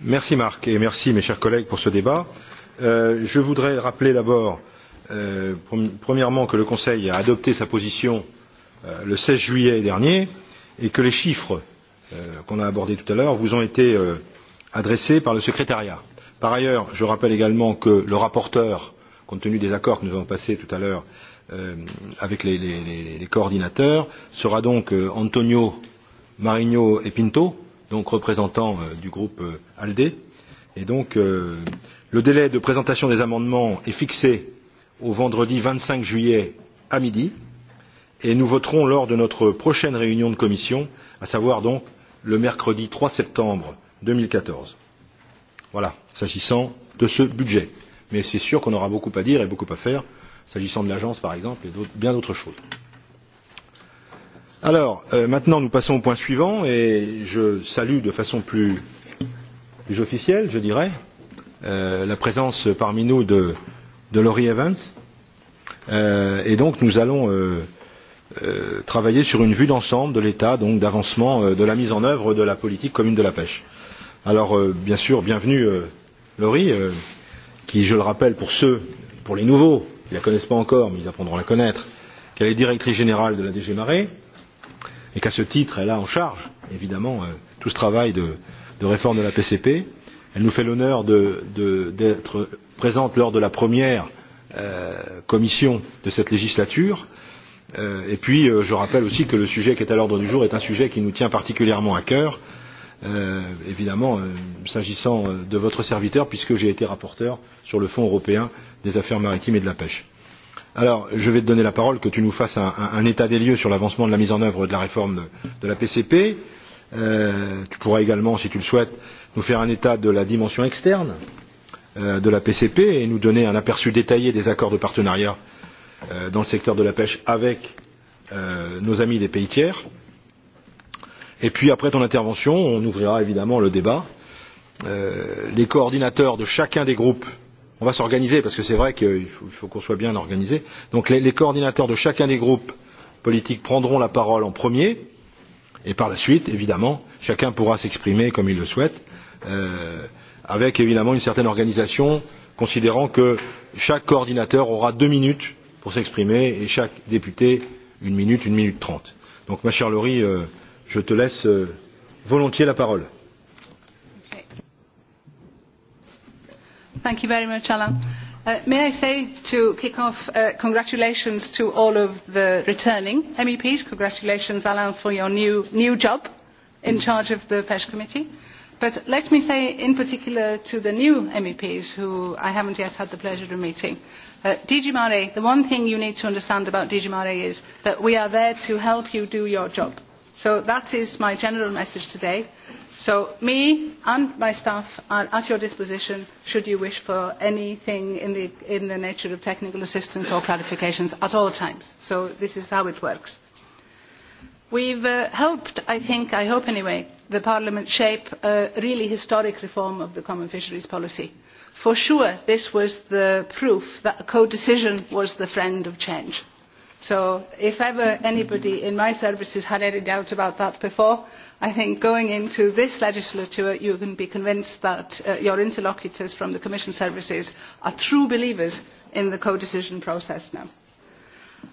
Merci Marc et merci mes chers collègues pour ce débat. Euh, je voudrais rappeler d'abord, euh, premièrement, que le Conseil a adopté sa position euh, le 16 juillet dernier et que les chiffres Euh, qu'on a abordé tout à l'heure vous ont été euh, adressées par le secrétariat. Par ailleurs, je rappelle également que le rapporteur, compte tenu des accords que nous avons passés tout à l'heure euh, avec les, les, les, les coordinateurs, sera donc euh, Antonio Marigno et Pinto, donc représentant euh, du groupe euh, ALDE. Et donc, euh, le délai de présentation des amendements est fixé au vendredi 25 juillet à midi, et nous voterons lors de notre prochaine réunion de commission, à savoir donc le mercredi 3 septembre 2014. Voilà, s'agissant de ce budget. Mais c'est sûr qu'on aura beaucoup à dire et beaucoup à faire, s'agissant de l'agence par exemple et bien d'autres choses. Alors, euh, maintenant, nous passons au point suivant et je salue de façon plus, plus officielle, je dirais, euh, la présence parmi nous de, de Laurie Evans. Euh, et donc, nous allons euh, Euh, travailler sur une vue d'ensemble de l'état donc d'avancement euh, de la mise en œuvre de la politique commune de la pêche. alors euh, bien sûr bienvenue laurie qui je le rappelle pour ceux pour les nouveaux qui ne la connaissent pas encore mais ils apprendront à la connaître qu'elle est directrice générale de la dg Marée et qu'à ce titre elle a en charge évidemment tout ce travail de, de réforme de la pcp. elle nous fait l'honneur d'être présente lors de la première euh, commission de cette législature Euh, et puis, euh, je rappelle aussi que le sujet qui est à l'ordre du jour est un sujet qui nous tient particulièrement à cœur, euh, évidemment, euh, s'agissant euh, de votre serviteur, puisque j'ai été rapporteur sur le Fonds européen des affaires maritimes et de la pêche. Alors, je vais te donner la parole, que tu nous fasses un, un, un état des lieux sur l'avancement de la mise en œuvre de la réforme de, de la PCP. Euh, tu pourras également, si tu le souhaites, nous faire un état de la dimension externe euh, de la PCP et nous donner un aperçu détaillé des accords de partenariat euh, Euh, dans le secteur de la pêche avec euh, nos amis des pays tiers. Et puis après ton intervention, on ouvrira évidemment le débat. Euh, les coordinateurs de chacun des groupes, on va s'organiser parce que c'est vrai qu'il faut, faut qu'on soit bien organisé. Donc les, les coordinateurs de chacun des groupes politiques prendront la parole en premier. Et par la suite, évidemment, chacun pourra s'exprimer comme il le souhaite, euh, avec évidemment une certaine organisation, considérant que chaque coordinateur aura deux minutes pour s'exprimer et chaque député une minute, une minute trente. Donc, ma chère Laurie, euh, je te laisse euh, volontiers la parole. Thank you very much, Alan. Uh, may I say to kick off, uh, congratulations to all of the returning MEPs. Congratulations, Alan, for your new, new job in charge of the PESH committee. But let me say in particular to the new MEPs who I haven't yet had the pleasure of meeting. Uh, Uh, DG Mare, the one thing you need to understand about DG Mare is that we are there to help you do your job. So that is my general message today. So me and my staff are at your disposition should you wish for anything in the, in the nature of technical assistance or clarifications at all times. So this is how it works. We've uh, helped, I think, I hope anyway, the Parliament shape a really historic reform of the Common Fisheries Policy for sure this was the proof that co-decision was the friend of change. So if ever anybody in my services had any doubts about that before, I think going into this legislature you can be convinced that uh, your interlocutors from the Commission services are true believers in the co-decision process now.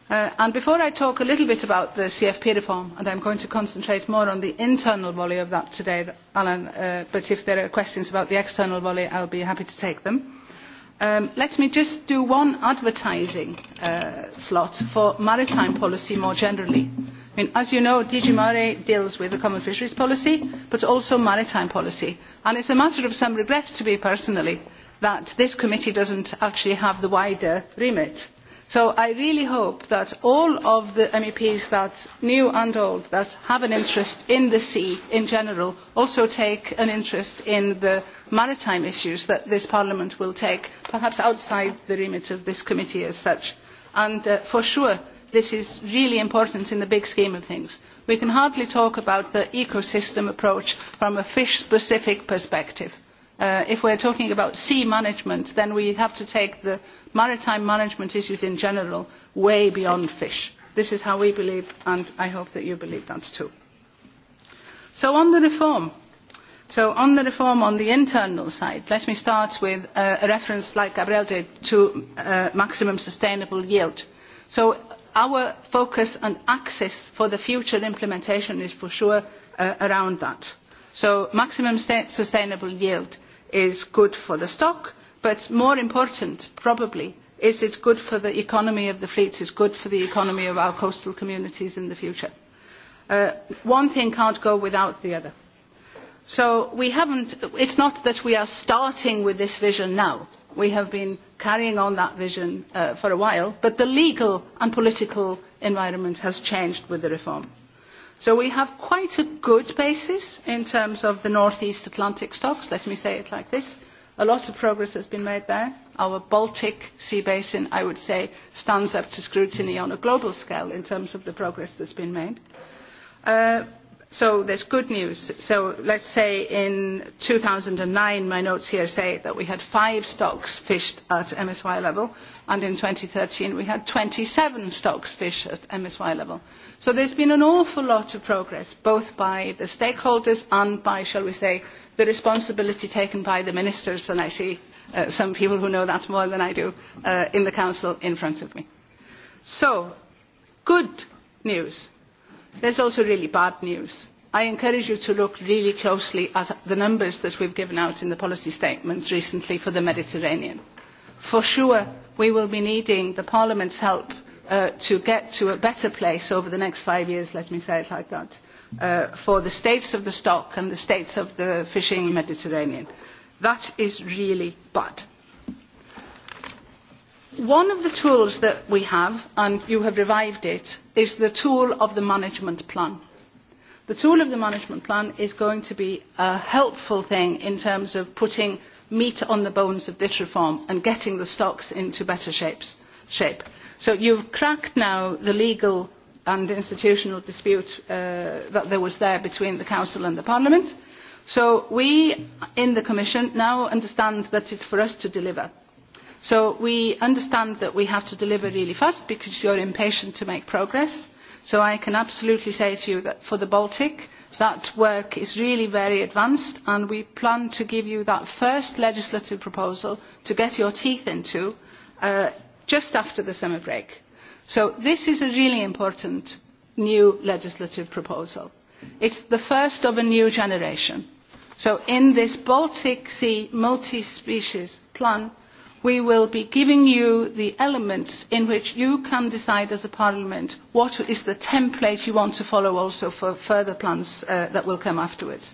Uh, and before I talk a little bit about the CFP reform, and I'm going to concentrate more on the internal volley of that today, Alan, uh, but if there are questions about the external volley, I'll be happy to take them. Um, let me just do one advertising uh, slot for maritime policy more generally. I mean, as you know, DG Mare deals with the common fisheries policy, but also maritime policy. And it's a matter of some regret to me personally that this committee doesn't actually have the wider remit so i really hope that all of the meps that new and old that have an interest in the sea in general also take an interest in the maritime issues that this parliament will take perhaps outside the remit of this committee as such and uh, for sure this is really important in the big scheme of things. we can hardly talk about the ecosystem approach from a fish specific perspective. Uh, if we are talking about sea management then we have to take the maritime management issues in general way beyond fish. this is how we believe and i hope that you believe that too. so on the reform so on the reform on the internal side let me start with uh, a reference like gabriel did to uh, maximum sustainable yield. so our focus and axis for the future implementation is for sure uh, around that. so maximum sustainable yield is good for the stock but more important probably is it is good for the economy of the fleets it is good for the economy of our coastal communities in the future. Uh, one thing cannot go without the other. so it is not that we are starting with this vision now we have been carrying on that vision uh, for a while but the legal and political environment has changed with the reform. So we have quite a good basis in terms of the Northeast Atlantic stocks, let me say it like this. A lot of progress has been made there. Our Baltic sea basin, I would say, stands up to scrutiny on a global scale in terms of the progress that's been made. Uh, so there is good news. so let us say in two thousand and nine my notes here say that we had five stocks fished at msy level and in two thousand and thirteen we had twenty seven stocks fished at msy level. so there has been an awful lot of progress both by the stakeholders and by shall we say the responsibility taken by the ministers and i see uh, some people who know that more than i do uh, in the council in front of me. so good news there's also really bad news. I encourage you to look really closely at the numbers that we've given out in the policy statements recently for the Mediterranean. For sure, we will be needing the Parliament's help uh, to get to a better place over the next five years, let me say it like that, uh, for the states of the stock and the states of the fishing Mediterranean. That is really bad one of the tools that we have, and you have revived it, is the tool of the management plan. The tool of the management plan is going to be a helpful thing in terms of putting meat on the bones of this reform and getting the stocks into better shapes, shape. So you've cracked now the legal and institutional dispute uh, that there was there between the Council and the Parliament. So we in the Commission now understand that it's for us to deliver So we understand that we have to deliver really fast because you're impatient to make progress. So I can absolutely say to you that for the Baltic, that work is really very advanced and we plan to give you that first legislative proposal to get your teeth into uh, just after the summer break. So this is a really important new legislative proposal. It's the first of a new generation. So in this Baltic Sea multi-species plan, we will be giving you the elements in which you can decide as a parliament what is the template you want to follow also for further plans uh, that will come afterwards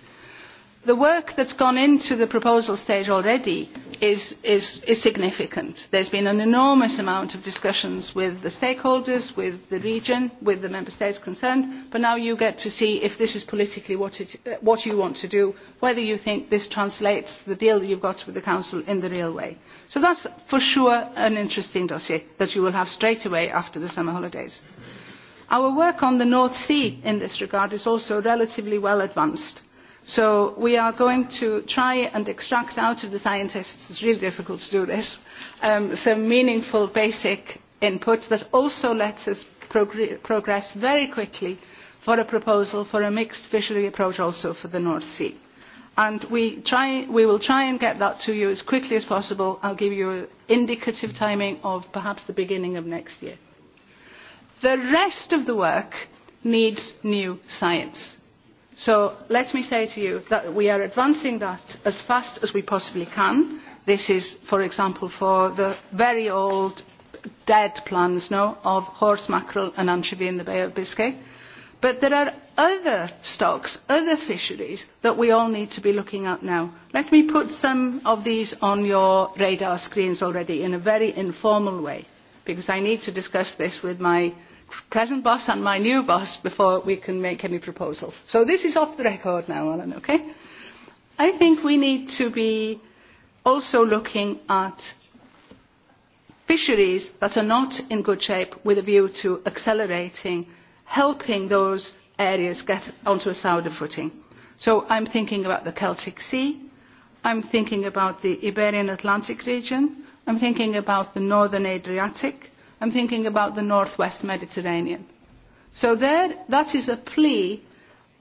the work that has gone into the proposal stage already is, is, is significant. there has been an enormous amount of discussions with the stakeholders with the region with the member states concerned but now you get to see if this is politically what, it, what you want to do whether you think this translates the deal you have got with the council in the real way. so that is for sure an interesting dossier that you will have straight away after the summer holidays. our work on the north sea in this regard is also relatively well advanced So we are going to try and extract out of the scientists, it's really difficult to do this, um, some meaningful basic input that also lets us progress very quickly for a proposal for a mixed fishery approach also for the North Sea. And we, try, we will try and get that to you as quickly as possible. I'll give you indicative timing of perhaps the beginning of next year. The rest of the work needs new science so let me say to you that we are advancing that as fast as we possibly can. this is for example for the very old dead plans no, of horse mackerel and anchovy in the bay of biscay but there are other stocks other fisheries that we all need to be looking at now. let me put some of these on your radar screens already in a very informal way because i need to discuss this with my present boss and my new boss before we can make any proposals. So this is off the record now, Alan, okay? I think we need to be also looking at fisheries that are not in good shape with a view to accelerating, helping those areas get onto a sounder footing. So I'm thinking about the Celtic Sea, I'm thinking about the Iberian Atlantic region, I'm thinking about the Northern Adriatic, I'm thinking about the northwest Mediterranean. So there, that is a plea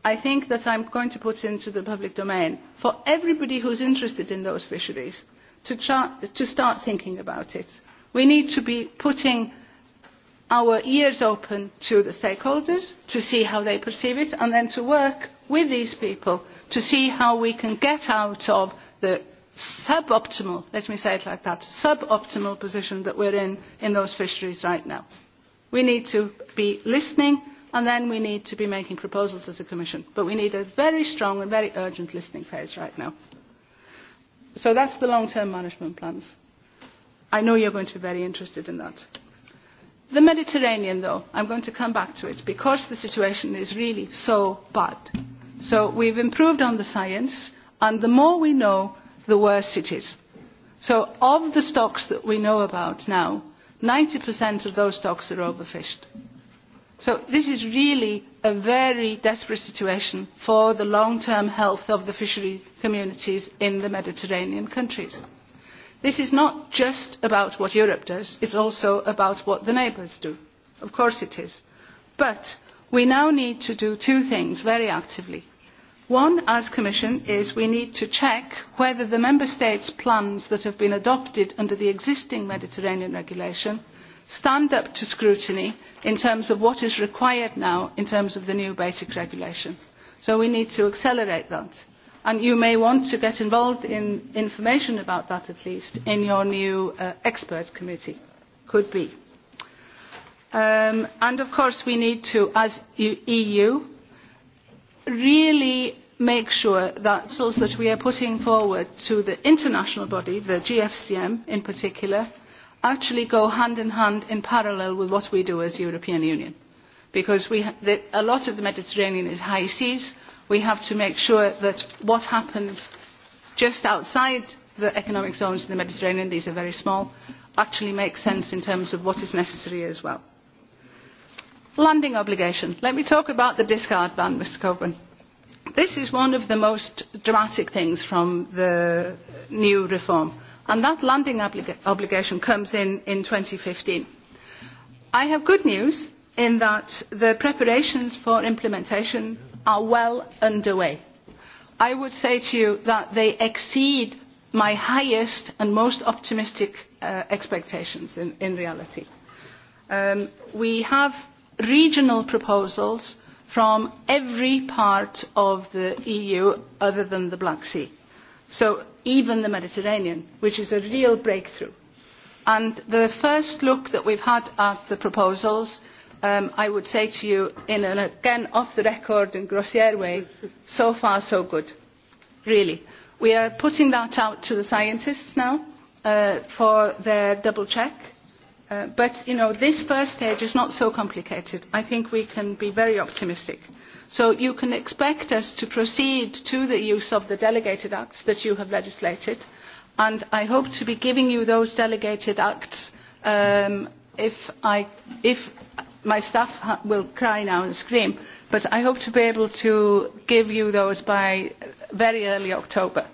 I think that I'm going to put into the public domain for everybody who's interested in those fisheries to, try, to start thinking about it. We need to be putting our ears open to the stakeholders to see how they perceive it and then to work with these people to see how we can get out of the suboptimal, let me say it like that, suboptimal position that we're in in those fisheries right now. We need to be listening and then we need to be making proposals as a Commission. But we need a very strong and very urgent listening phase right now. So that's the long-term management plans. I know you're going to be very interested in that. The Mediterranean, though, I'm going to come back to it because the situation is really so bad. So we've improved on the science, and the more we know, the worse it is. So of the stocks that we know about now, 90% of those stocks are overfished. So this is really a very desperate situation for the long-term health of the fishery communities in the Mediterranean countries. This is not just about what Europe does, it's also about what the neighbours do. Of course it is. But we now need to do two things very actively. One, as Commission, is we need to check whether the Member States' plans that have been adopted under the existing Mediterranean regulation stand up to scrutiny in terms of what is required now in terms of the new basic regulation. So we need to accelerate that. And you may want to get involved in information about that at least in your new uh, expert committee. Could be. Um, and of course we need to, as EU, really make sure that the tools that we are putting forward to the international body, the GFCM in particular, actually go hand in hand in parallel with what we do as the European Union. Because we, the, a lot of the Mediterranean is high seas, we have to make sure that what happens just outside the economic zones in the Mediterranean, these are very small, actually makes sense in terms of what is necessary as well. Landing obligation. Let me talk about the discard ban, Mr Coburn this is one of the most dramatic things from the new reform and that landing obligation comes in in 2015 i have good news in that the preparations for implementation are well underway i would say to you that they exceed my highest and most optimistic uh, expectations in, in reality um, we have regional proposals from every part of the EU other than the Black Sea. So even the Mediterranean, which is a real breakthrough. And the first look that we've had at the proposals, um, I would say to you, in an again off the record and grossier way, so far so good, really. We are putting that out to the scientists now uh, for their double check Uh, but you know, this first stage is not so complicated. I think we can be very optimistic. So you can expect us to proceed to the use of the delegated acts that you have legislated, and I hope to be giving you those delegated acts um, if, I, if my staff will cry now and scream, but I hope to be able to give you those by very early October,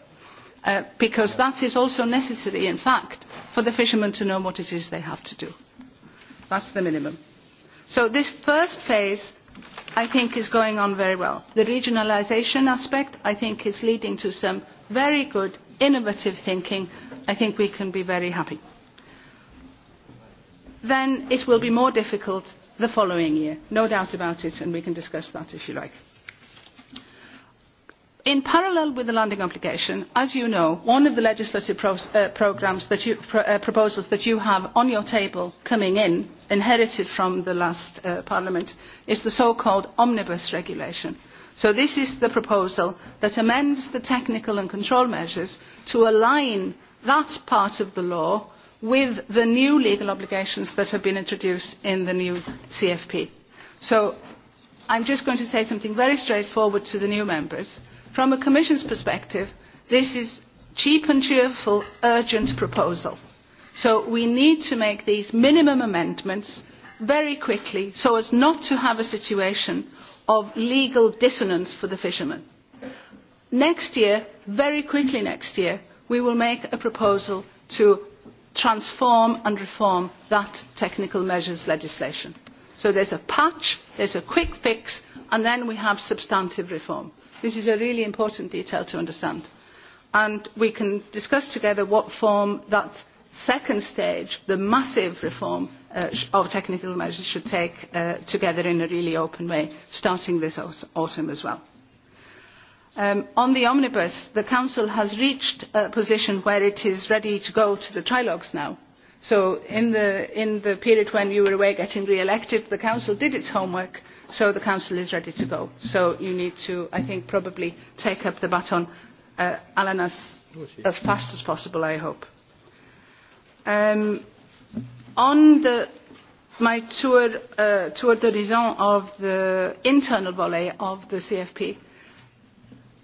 uh, because that is also necessary, in fact, for the fishermen to know what it is they have to do. That's the minimum. So this first phase, I think, is going on very well. The regionalisation aspect, I think, is leading to some very good, innovative thinking. I think we can be very happy. Then it will be more difficult the following year, no doubt about it, and we can discuss that if you like in parallel with the landing obligation as you know one of the legislative pro uh, that you, pro uh, proposals that you have on your table coming in inherited from the last uh, parliament is the so called omnibus regulation. so this is the proposal that amends the technical and control measures to align that part of the law with the new legal obligations that have been introduced in the new cfp. so i am just going to say something very straightforward to the new members From a Commission's perspective, this is cheap and cheerful, urgent proposal. So we need to make these minimum amendments very quickly so as not to have a situation of legal dissonance for the fishermen. Next year, very quickly next year, we will make a proposal to transform and reform that technical measures legislation. So there's a patch, there's a quick fix, and then we have substantive reform. This is a really important detail to understand. And we can discuss together what form that second stage, the massive reform uh, of technical measures should take uh, together in a really open way, starting this autumn as well. Um, on the omnibus, the Council has reached a position where it is ready to go to the trilogues now So in the, in the period when you were away getting re-elected, the Council did its homework, so the Council is ready to go. So you need to, I think, probably take up the baton, uh, Alan, as, as fast as possible, I hope. Um, on the, my tour, uh, tour d'horizon of the internal volley of the CFP,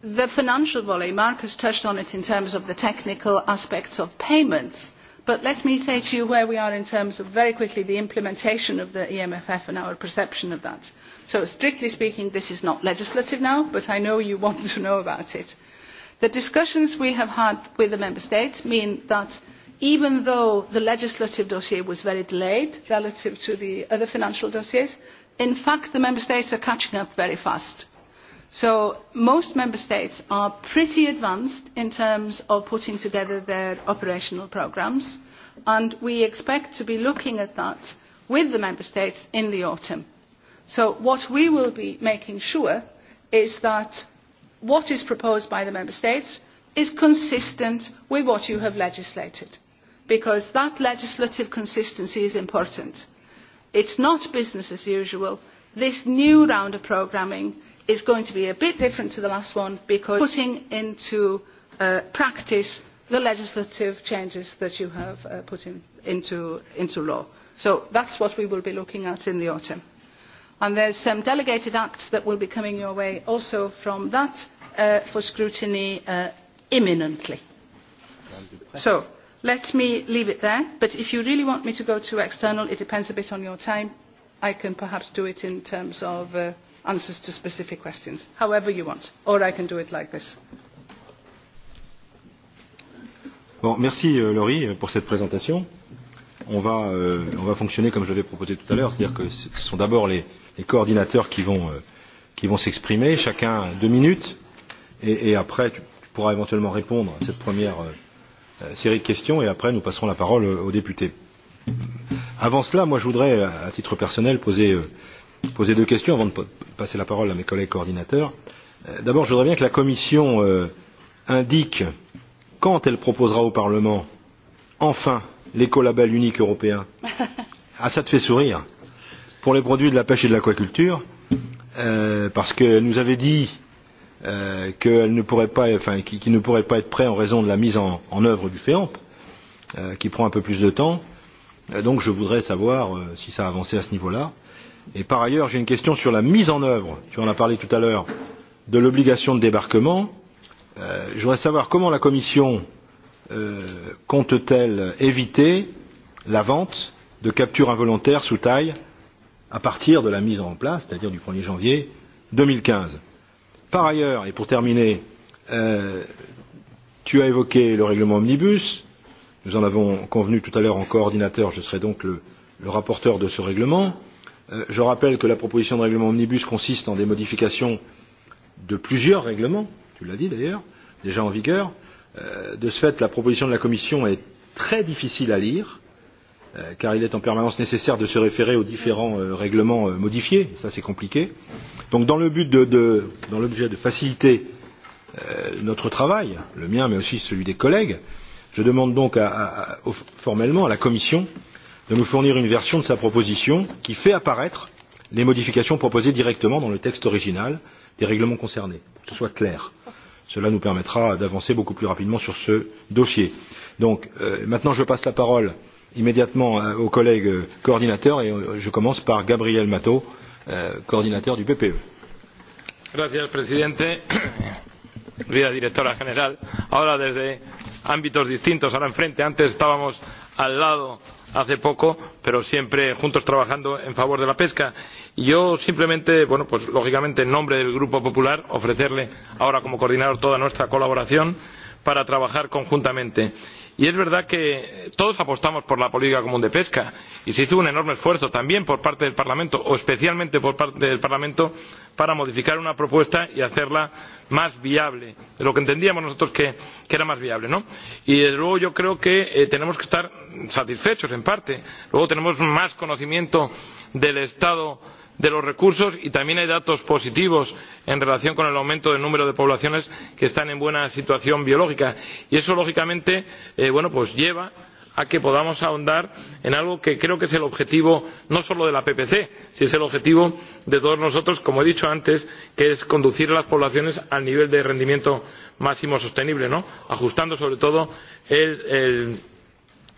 the financial volley, Marcus touched on it in terms of the technical aspects of payments – but let me say to you where we are in terms of very quickly the implementation of the emff and our perception of that. so strictly speaking this is not legislative now but i know you want to know about it. the discussions we have had with the member states mean that even though the legislative dossier was very delayed relative to the other financial dossiers in fact the member states are catching up very fast So most member states are pretty advanced in terms of putting together their operational programmes, and we expect to be looking at that with the member states in the autumn. So what we will be making sure is that what is proposed by the member states is consistent with what you have legislated, because that legislative consistency is important. It's not business as usual. This new round of programming is going to be a bit different to the last one because putting into uh, practice the legislative changes that you have uh, put in, into, into law. So that's what we will be looking at in the autumn. And there's some delegated acts that will be coming your way also from that uh, for scrutiny uh, imminently. So let me leave it there. But if you really want me to go to external, it depends a bit on your time. I can perhaps do it in terms of... Uh, answers to specific questions, however you want, or I can do it like this. Bon, merci euh, Laurie euh, pour cette présentation. On va, euh, on va fonctionner comme je l'avais proposé tout à l'heure, c'est-à-dire que ce sont d'abord les, les coordinateurs qui vont, euh, vont s'exprimer, chacun deux minutes, et, et après tu, tu pourras éventuellement répondre à cette première euh, euh série de questions, et après nous passerons la parole aux députés. Avant cela, moi je voudrais, à titre personnel, poser euh, poser deux questions avant de passer la parole à mes collègues coordinateurs. Euh, d'abord, je voudrais bien que la Commission euh, indique quand elle proposera au Parlement enfin l'écolabel unique européen. Ah, ça te fait sourire pour les produits de la pêche et de l'aquaculture, euh, parce qu'elle nous avait dit euh, qu'il ne, pourrait pas, enfin, qu ne pourrait pas être prêt en raison de la mise en, en œuvre du FEAMP, euh, qui prend un peu plus de temps. Euh, donc je voudrais savoir euh, si ça a avancé à ce niveau-là. Et par ailleurs, j'ai une question sur la mise en œuvre, tu en as parlé tout à l'heure, de l'obligation de débarquement. Euh, je voudrais savoir comment la Commission euh, compte-t-elle éviter la vente de captures involontaires sous taille à partir de la mise en place, c'est-à-dire du 1er janvier 2015. Par ailleurs, et pour terminer, euh, tu as évoqué le règlement omnibus. Nous en avons convenu tout à l'heure en coordinateur, je serai donc le, le rapporteur de ce règlement. Euh, Euh, je rappelle que la proposition de règlement omnibus consiste en des modifications de plusieurs règlements, tu l'as dit d'ailleurs, déjà en vigueur. Euh, de ce fait, la proposition de la Commission est très difficile à lire, euh, car il est en permanence nécessaire de se référer aux différents règlements modifiés. Ça, c'est compliqué. Donc, dans le but de, de, dans l'objet de faciliter notre travail, le mien, mais aussi celui des collègues, je demande donc à, à, formellement à la Commission euh, de nous fournir une version de sa proposition qui fait apparaître les modifications proposées directement dans le texte original des règlements concernés, pour que ce soit clair. Cela nous permettra d'avancer beaucoup plus rapidement sur ce dossier. Donc, euh, maintenant, je passe la parole immédiatement euh, aux collègues euh, coordinateurs et euh, je commence par Gabriel Matteau, euh, coordinateur du PPE. Merci, presidente. Querida directora general, ahora desde ámbitos distintos, ahora enfrente, antes estábamos al lado hace poco pero siempre juntos trabajando en favor de la pesca. yo simplemente bueno, pues, lógicamente en nombre del grupo popular ofrecerle ahora como coordinador toda nuestra colaboración para trabajar conjuntamente y es verdad que todos apostamos por la política común de pesca y se hizo un enorme esfuerzo también por parte del parlamento o especialmente por parte del parlamento para modificar una propuesta y hacerla más viable de lo que entendíamos nosotros que, era más viable. ¿no? y desde luego yo creo que eh, tenemos que estar satisfechos en parte. luego tenemos más conocimiento del estado de los recursos y también hay datos positivos en relación con el aumento del número de poblaciones que están en buena situación biológica y eso lógicamente eh, bueno, pues lleva a que podamos ahondar en algo que creo que es el objetivo no solo de la ppc sino es el objetivo de todos nosotros como he dicho antes que es conducir a las poblaciones al nivel de rendimiento máximo sostenible ¿no? ajustando sobre todo el,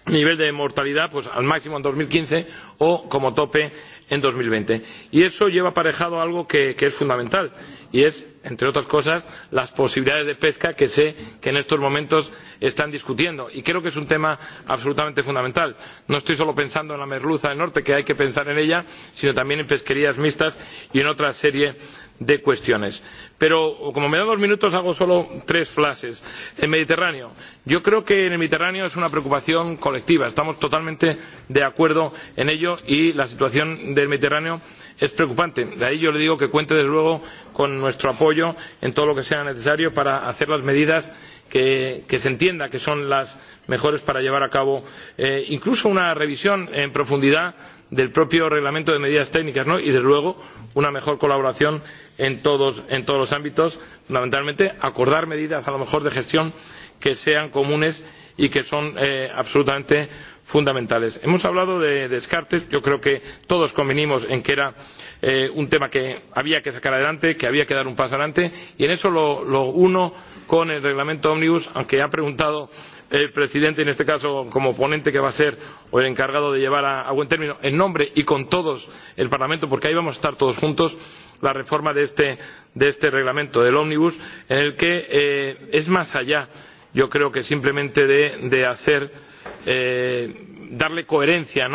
nivel de mortalidad pues, al máximo en dos mil quince o como tope en dos mil veinte y eso lleva aparejado algo que, es fundamental y es entre otras cosas las posibilidades de pesca que sé que en estos momentos están discutiendo y creo que es un tema absolutamente fundamental. no estoy solo pensando en la merluza del norte que hay que pensar en ella sino también en pesquerías mixtas y en otra serie de cuestiones. pero como me dan dos minutos hago solo tres flashes. el mediterráneo yo creo que el mediterráneo es una preocupación colectiva estamos totalmente de acuerdo en ello y la situación del mediterráneo es preocupante. de ahí yo le digo que cuente desde luego con nuestro apoyo en todo lo que sea necesario para hacer las medidas que, se entienda que son las mejores para llevar a cabo eh, incluso una revisión en profundidad del propio reglamento de medidas técnicas y desde luego una mejor colaboración en todos, en todos los ámbitos fundamentalmente acordar medidas a lo mejor de gestión que sean comunes y que son eh, absolutamente fundamentales. hemos hablado de descartes yo creo que todos convinimos en que era eh, un tema que había que sacar adelante que había que dar un paso adelante y en eso lo, uno con el reglamento ómnibus aunque ha preguntado el presidente en este caso como ponente que va a ser o el encargado de llevar a, buen término en nombre y con todos el parlamento porque ahí vamos a estar todos juntos la reforma de este, de este reglamento del ómnibus en el que eh, es más allá yo creo que simplemente de hacer Eh, darle coherencia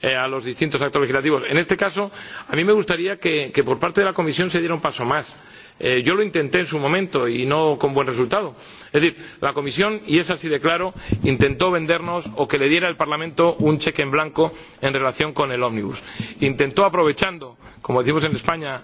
eh, a los distintos actos legislativos. en este caso a mí me gustaría que, por parte de la comisión se diera un paso más. Eh, yo lo intenté en su momento y no con buen resultado. es decir la comisión y es así de claro intentó vendernos o que le diera el parlamento un cheque en blanco en relación con el ómnibus. intentó aprovechando como decimos en españa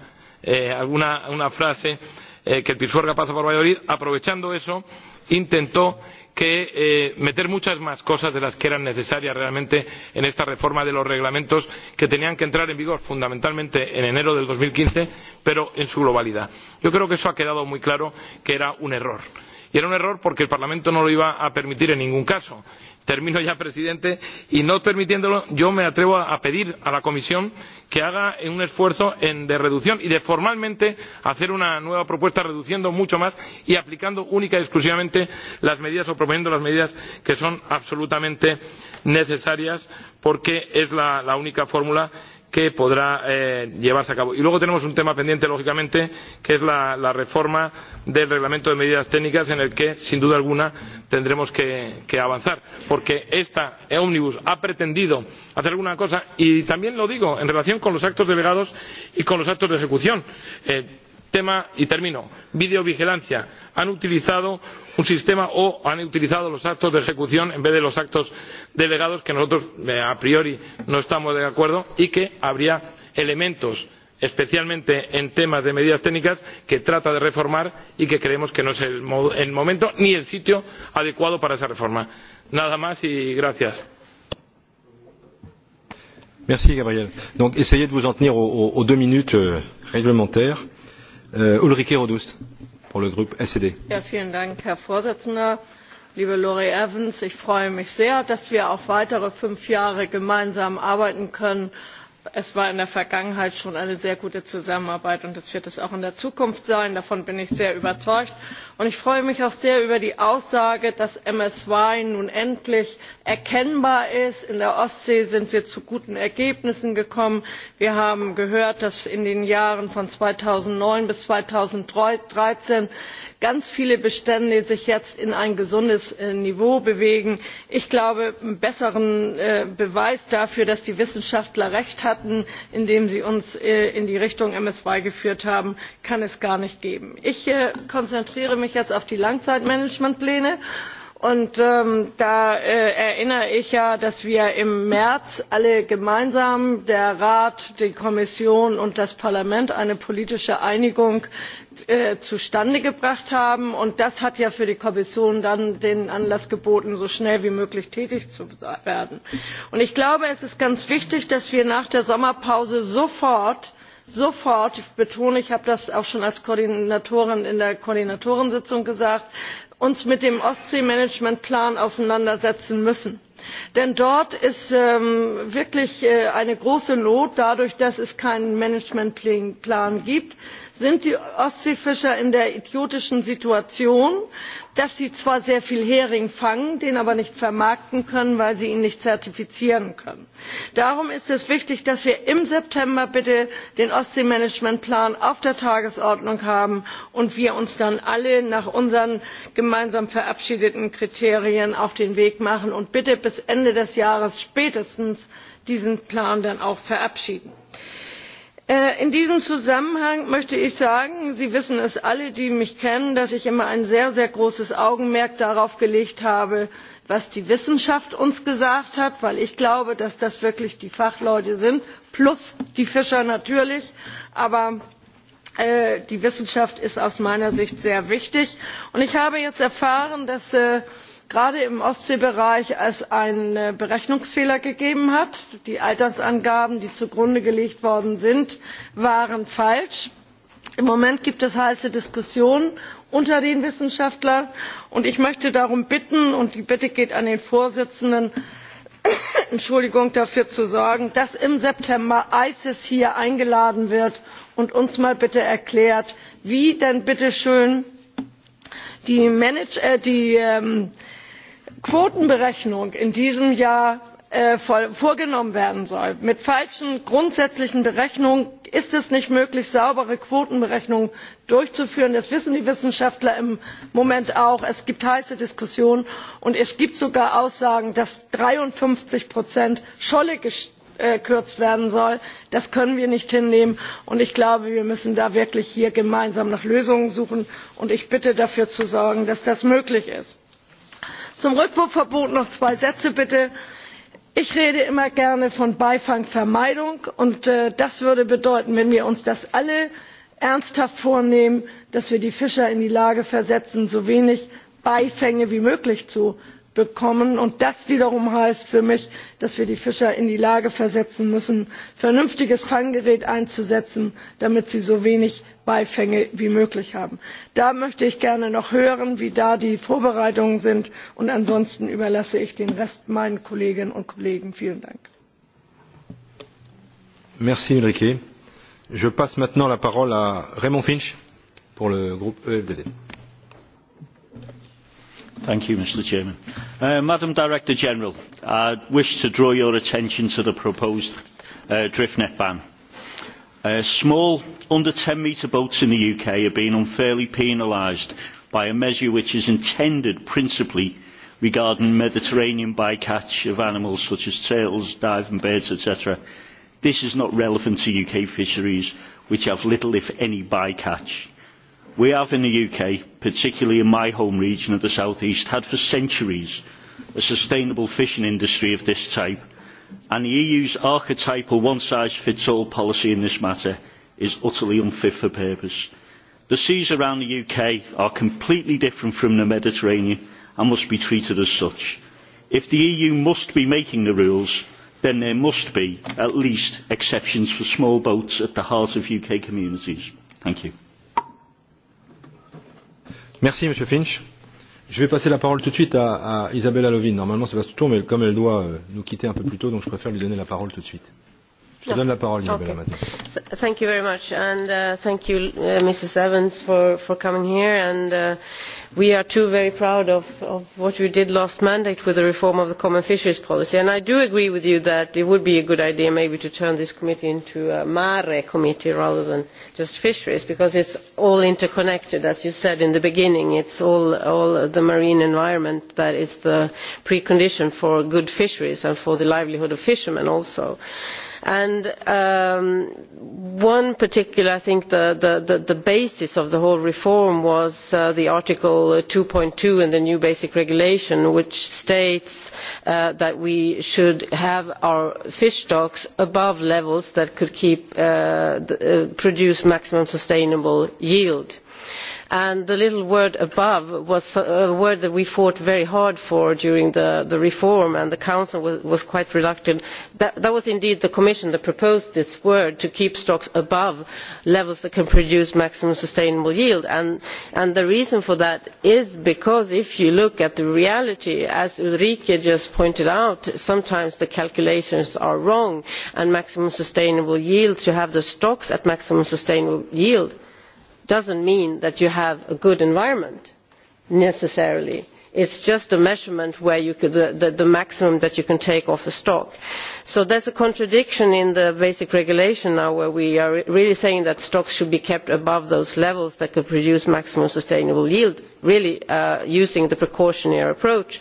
una frase que el pisuerga pasa por valladolid aprovechando eso intentó que eh, meter muchas más cosas de las que eran necesarias realmente en esta reforma de los reglamentos que tenían que entrar en vigor fundamentalmente en enero de dos mil quince pero en su globalidad. yo creo que eso ha quedado muy claro que era un error y era un error porque el parlamento no lo iba a permitir en ningún caso termino ya presidente y no permitiéndolo yo me atrevo a pedir a la comisión que haga un esfuerzo de reducción y de formalmente hacer una nueva propuesta reduciendo mucho más y aplicando única y exclusivamente las medidas o proponiendo las medidas que son absolutamente necesarias porque es la, única fórmula que podrá eh, llevarse a cabo. y luego tenemos un tema pendiente lógicamente que es la, reforma del reglamento de medidas técnicas en el que sin duda alguna tendremos que, avanzar porque esta omnibus ha pretendido hacer alguna cosa y también lo digo en relación con los actos delegados y con los actos de ejecución. Eh, tema y termino videovigilancia han utilizado un sistema o han utilizado los actos de ejecución en vez de los actos delegados con lo que nosotros eh, a priori no estamos de acuerdo y que habría elementos especialmente en temas de medidas técnicas que trata de reformar y que creemos que no es el, momento ni el sitio adecuado para esa reforma. nada más y gracias. Merci Gabriel. Euh, Ulrike Rodust pour le groupe SED. Ja, Herr präsident Liebe Lori Evans, ich freue mich sehr, dass wir auch weitere fünf Jahre gemeinsam arbeiten können. Es war in der Vergangenheit schon eine sehr gute Zusammenarbeit und es wird es auch in der Zukunft sein. Davon bin ich sehr überzeugt und ich freue mich auch sehr über die aussage dass msy nun endlich erkennbar ist in der ostsee sind wir zu guten ergebnissen gekommen wir haben gehört dass in den jahren von zweitausendneun bis zweitausenddreizehn ganz viele bestände sich jetzt auf ein gesundes äh, niveau bewegen. ich glaube einen besseren äh, beweis dafür dass die wissenschaftler recht hatten indem sie uns äh, in die richtung msy geführt haben kann es gar nicht geben. ich konzentriere mich jetzt auf die langzeitmanagementpläne und ähm, da äh, erinnere ich ja dass wir im märz alle gemeinsam der rat die kommission und das parlament eine politische einigung äh, zustande gebracht haben und das hat ja für die kommission dann den anlass geboten so schnell wie möglich tätig zu werden. ich glaube es ist ganz wichtig dass wir nach der sommerpause sofort sofort ich betone ich habe das auch schon als koordinatorin in der koordinatorensitzung gesagt mit dem ostseemanagementplan auseinandersetzen müssen denn dort ist ähm, wirklich äh, eine große not dadurch dass es keinen managementplan gibt sind die ostseefischer in der idiotischen situation dass dass sie zwar sehr viel hering fangen den aber nicht vermarkten können weil sie ihn nicht zertifizieren können. darum ist es wichtig dass wir im september bitte den ostseemanagementplan auf der tagesordnung haben und wir uns dann alle nach unseren gemeinsam verabschiedeten kriterien auf den weg machen und bitte bis ende des jahres spätestens diesen plan dann auch verabschieden. Äh, in diesem zusammenhang möchte ich sagen sie wissen es alle die mich kennen dass ich immer ein sehr sehr großes augenmerk darauf gelegt habe was die wissenschaft uns gesagt hat weil ich glaube dass das wirklich die fachleute sind plus die fischer natürlich aber äh, die wissenschaft ist aus meiner sicht sehr wichtig. ich habe jetzt erfahren dass äh, gerade im ostseebereich es einen äh, berechnungsfehler gegeben hat. die altersangaben die zugrunde gelegt worden sind waren falsch. im moment gibt es heiße diskussionen unter den wissenschaftlern und ich möchte darum bitten und die bitte geht an den vorsitzenden dafür zu sorgen dass im september ices hier eingeladen wird und uns mal bitte erklärt wie denn bitte schön die äh, ähm, quotenberechnung in diesem jahr äh, vorgenommen werden soll. mit falschen grundsätzlichen berechnungen ist es nicht möglich saubere quotenberechnungen durchzuführen das wissen die wissenschaftler im moment auch es gibt heiße diskussionen und es gibt sogar aussagen dass dreiundfünfzig scholle äh, gekürzt werden soll. das können wir nicht hinnehmen und ich glaube wir müssen da wirklich hier gemeinsam nach lösungen suchen und ich bitte dafür zu sorgen dass das möglich ist zum rückwurfverbot noch zwei sätze bitte ich rede immer gerne von beifangvermeidung und äh, das würde bedeuten wenn wir uns das alle ernsthaft vornehmen dass wir die fischer in die lage versetzen so wenig beifänge wie möglich zu bekommen und das wiederum heißt für mich dass wir die fischer in die lage versetzen müssen ein vernünftiges fanggerät einzusetzen damit sie so wenig beifänge wie möglich haben. da möchte ich gerne noch hören wie da die vorbereitungen sind und ansonsten überlasse ich den rest meinen kolleginnen und kollegen. vielen dank. merci ulrike. je passe maintenant la parole à raymond finch pour le Mr president uh, Madam Director General, I wish to draw your attention to the proposed uh, drift net ban. Uh, small, under ten metre boats in the UK are being unfairly penalised by a measure which is intended principally regarding Mediterranean by catch of animals such as turtles, diving birds, etc. This is not relevant to UK fisheries, which have little, if any, by catch we have in the uk particularly in my home region of the south east had for centuries a sustainable fishing industry of this type and the eu's archetypal one size fits all policy in this matter is utterly unfit for purpose. the seas around the uk are completely different from the mediterranean and must be treated as such. if the eu must be making the rules then there must be at least exceptions for small boats at the heart of uk communities. thank you. Merci, Monsieur Finch. Je vais passer la parole tout de suite à, à Isabelle Alovine. Normalement, ça passe tout le tour, mais comme elle doit euh, nous quitter un peu plus tôt, donc je préfère lui donner la parole tout de suite. Je donne la parole, okay. Madame. Thank you very much, and uh, thank you, uh, Mrs. Evans, for, for coming here. And uh, we are too very proud of, of what you did last mandate with the reform of the Common Fisheries Policy. And I do agree with you that it would be a good idea maybe to turn this committee into a mare committee rather than just fisheries, because it's all interconnected. As you said in the beginning, it's all, all the marine environment that is the precondition for good fisheries and for the livelihood of fishermen also. Uh, And um, one particular, I think the, basis of the whole reform was uh, the Article 2.2 in the new basic regulation, which states uh, that we should have our fish stocks above levels that could uh, produce maximum sustainable yield and the little word above' was a word that we fought very hard for during the, reform and the council was, quite reluctant. That, was indeed the commission that proposed this word to keep stocks above levels that can produce maximum sustainable yield and, and the reason for that is because if you look at the reality as ulrike just pointed out sometimes the calculations are wrong and maximum sustainable yield to have the stocks at maximum sustainable yield does not mean that you have a good environment necessarily it is just a measurement of the maximum that you can take off a stock. so there is a contradiction in the basic regulation now where we are really saying that stocks should be kept above those levels that could produce maximum sustainable yield really uh, using the precautionary approach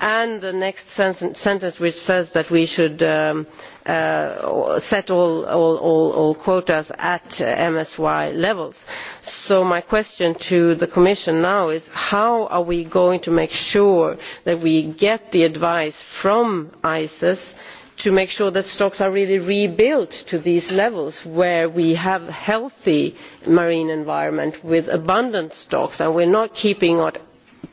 and the next sentence which says that we should um, Uh, set all, all quotas at uh, msy levels. so my question to the commission now is how are we going to make sure that we get the advice from ices to make sure that stocks are really rebuilt to these levels where we have a healthy marine environment with abundant stocks and we are not keeping it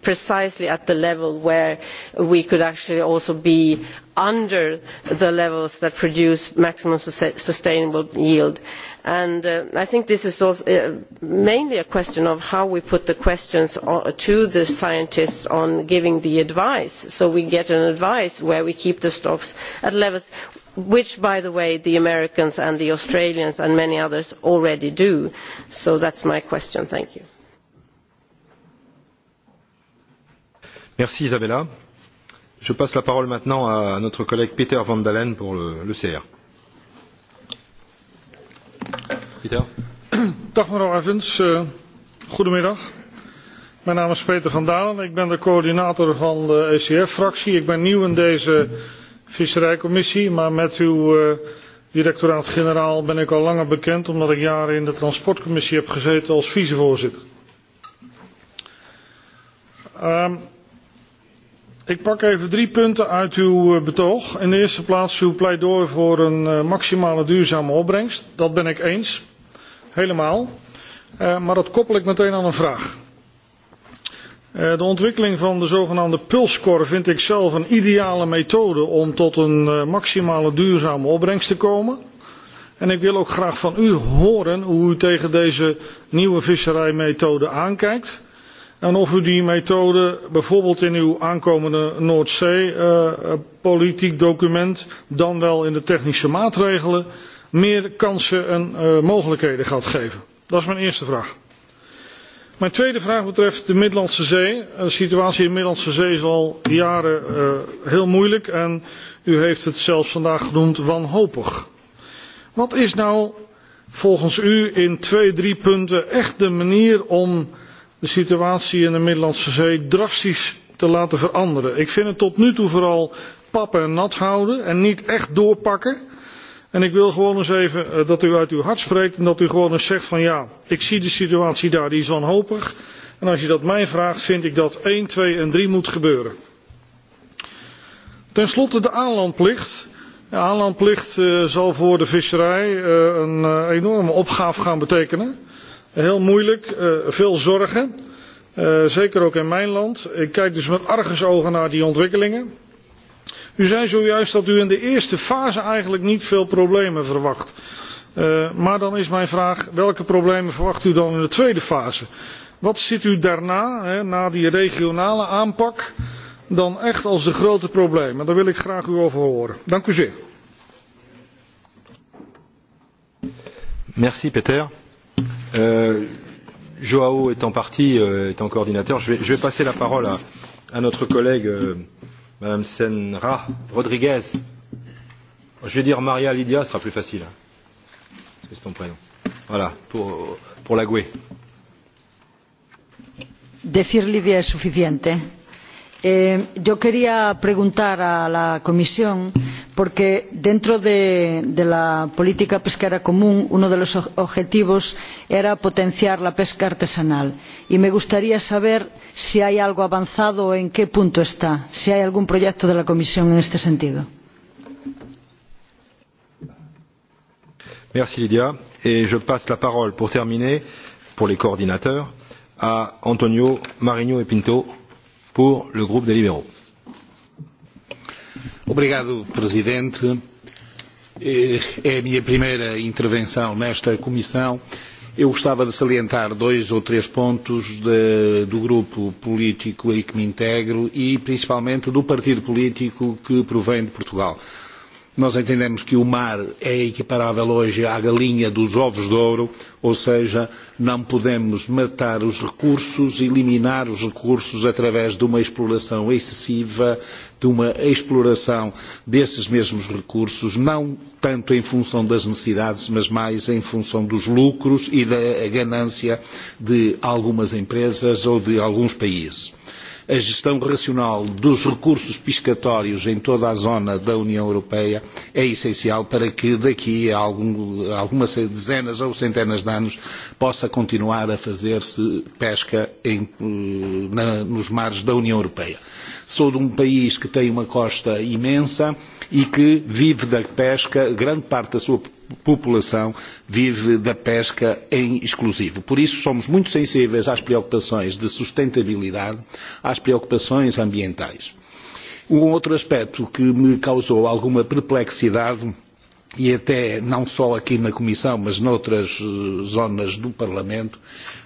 precisely at the level where we could actually also be under the levels that produce maximum sustainable yield. And, uh, i think this is uh, mainly a question of how we put the questions to the scientists on giving the advice so we get an advice where we keep the stocks at levels which by the way the americans and the australians and many others already do. so that is my question. thank you. Merci, Je passe la parole maintenant à notre collègue Peter van Dalen pour le, CR. Peter. Dag mevrouw Evans, eh, goedemiddag. Mijn naam is Peter van Dalen, ik ben de coördinator van de ECF-fractie. Ik ben nieuw in deze visserijcommissie, maar met uw eh, directoraat-generaal ben ik al langer bekend omdat ik jaren in de transportcommissie heb gezeten als vicevoorzitter. Um, Ik pak even drie punten uit uw eh, betoog. In de eerste plaats uw pleidooi voor een eh, maximale duurzame opbrengst. Dat ben ik eens. Helemaal. Uh, maar dat koppel ik meteen aan een vraag. Uh, de ontwikkeling van de zogenaamde pulscore vind ik zelf een ideale methode om tot een uh, maximale duurzame opbrengst te komen. En ik wil ook graag van u horen hoe u tegen deze nieuwe visserijmethode aankijkt en of u die methode bijvoorbeeld in uw aankomende noordzee uh, politiek document dan wel in de technische maatregelen meer kansen en uh, mogelijkheden gaat geven. dat is mijn eerste vraag. mijn tweede vraag betreft de middellandse zee. de situatie in de middellandse zee is al jaren uh, heel moeilijk en u heeft het zelfs vandaag genoemd wanhopig. wat is nou volgens u in twee drie punten echt de manier om de situatie in de Middellandse Zee drastisch te laten veranderen. Ik vind het tot nu toe vooral pappen en nat houden en niet echt doorpakken. En ik wil gewoon eens even eh, dat u uit uw hart spreekt en dat u gewoon eens zegt van ja, ik zie de situatie daar, die is wanhopig. En als je dat mij vraagt, vind ik dat 1, 2 en 3 moet gebeuren. Ten slotte de aanlandplicht. De aanlandplicht uh, zal voor de visserij uh, een uh, enorme opgave gaan betekenen heel moeilijk, eh, veel zorgen. Eh, zeker ook in mijn land. Ik kijk dus met argusogen naar die ontwikkelingen. U zei zojuist dat u in de eerste fase eigenlijk niet veel problemen verwacht. Eh, maar dan is mijn vraag, welke problemen verwacht u dan in de tweede fase? Wat ziet u daarna, na die regionale aanpak, dan echt als de grote problemen? Daar wil ik graag u over horen. Dank u zeer. Merci Peter. Euh, Joao étant parti, euh, étant coordinateur, je vais, je vais passer la parole à, à notre collègue euh, Madame Senra Rodriguez. Je vais dire Maria Lydia, ce sera plus facile. Hein. C'est ton prénom. Voilà, pour, pour la GUE. Decir Lidia es suficiente. Eh, yo quería preguntar a la Comisión porque dentro de, la política pesquera común uno de los objetivos era potenciar la pesca artesanal y me gustaría saber si hay algo avanzado o en qué punto está si hay algún proyecto de la comisión en este sentido. Merci Lydia. Et je passe la parole pour terminer, pour les coordinateurs, à Antonio Marinho et Pinto pour le groupe des libéraux. Obrigado, Presidente. Eh, é a minha primeira intervenção nesta Comissão. Eu gostava de salientar dois ou três pontos de, da, do grupo político em que me integro e principalmente do partido político que provém de Portugal Nós entendemos que o mar é equiparável hoje à galinha dos ovos de ouro, ou seja, não podemos matar os recursos, eliminar os recursos através de uma exploração excessiva, de uma exploração desses mesmos recursos, não tanto em função das necessidades, mas mais em função dos lucros e da ganância de algumas empresas ou de alguns países a gestão racional dos recursos piscatórios em toda a zona da União Europeia é essencial para que daqui a algum, algumas dezenas ou centenas de anos possa continuar a fazer-se pesca em, eh, na, nos mares da União Europeia. Sou de um país que tem uma costa imensa e que vive da pesca, grande parte da sua população vive da pesca em exclusivo. Por isso, somos muito sensíveis às preocupações de sustentabilidade, às preocupações ambientais. Um outro aspecto que me causou alguma perplexidade e até não só aqui na Comissão, mas noutras eh, zonas do Parlamento,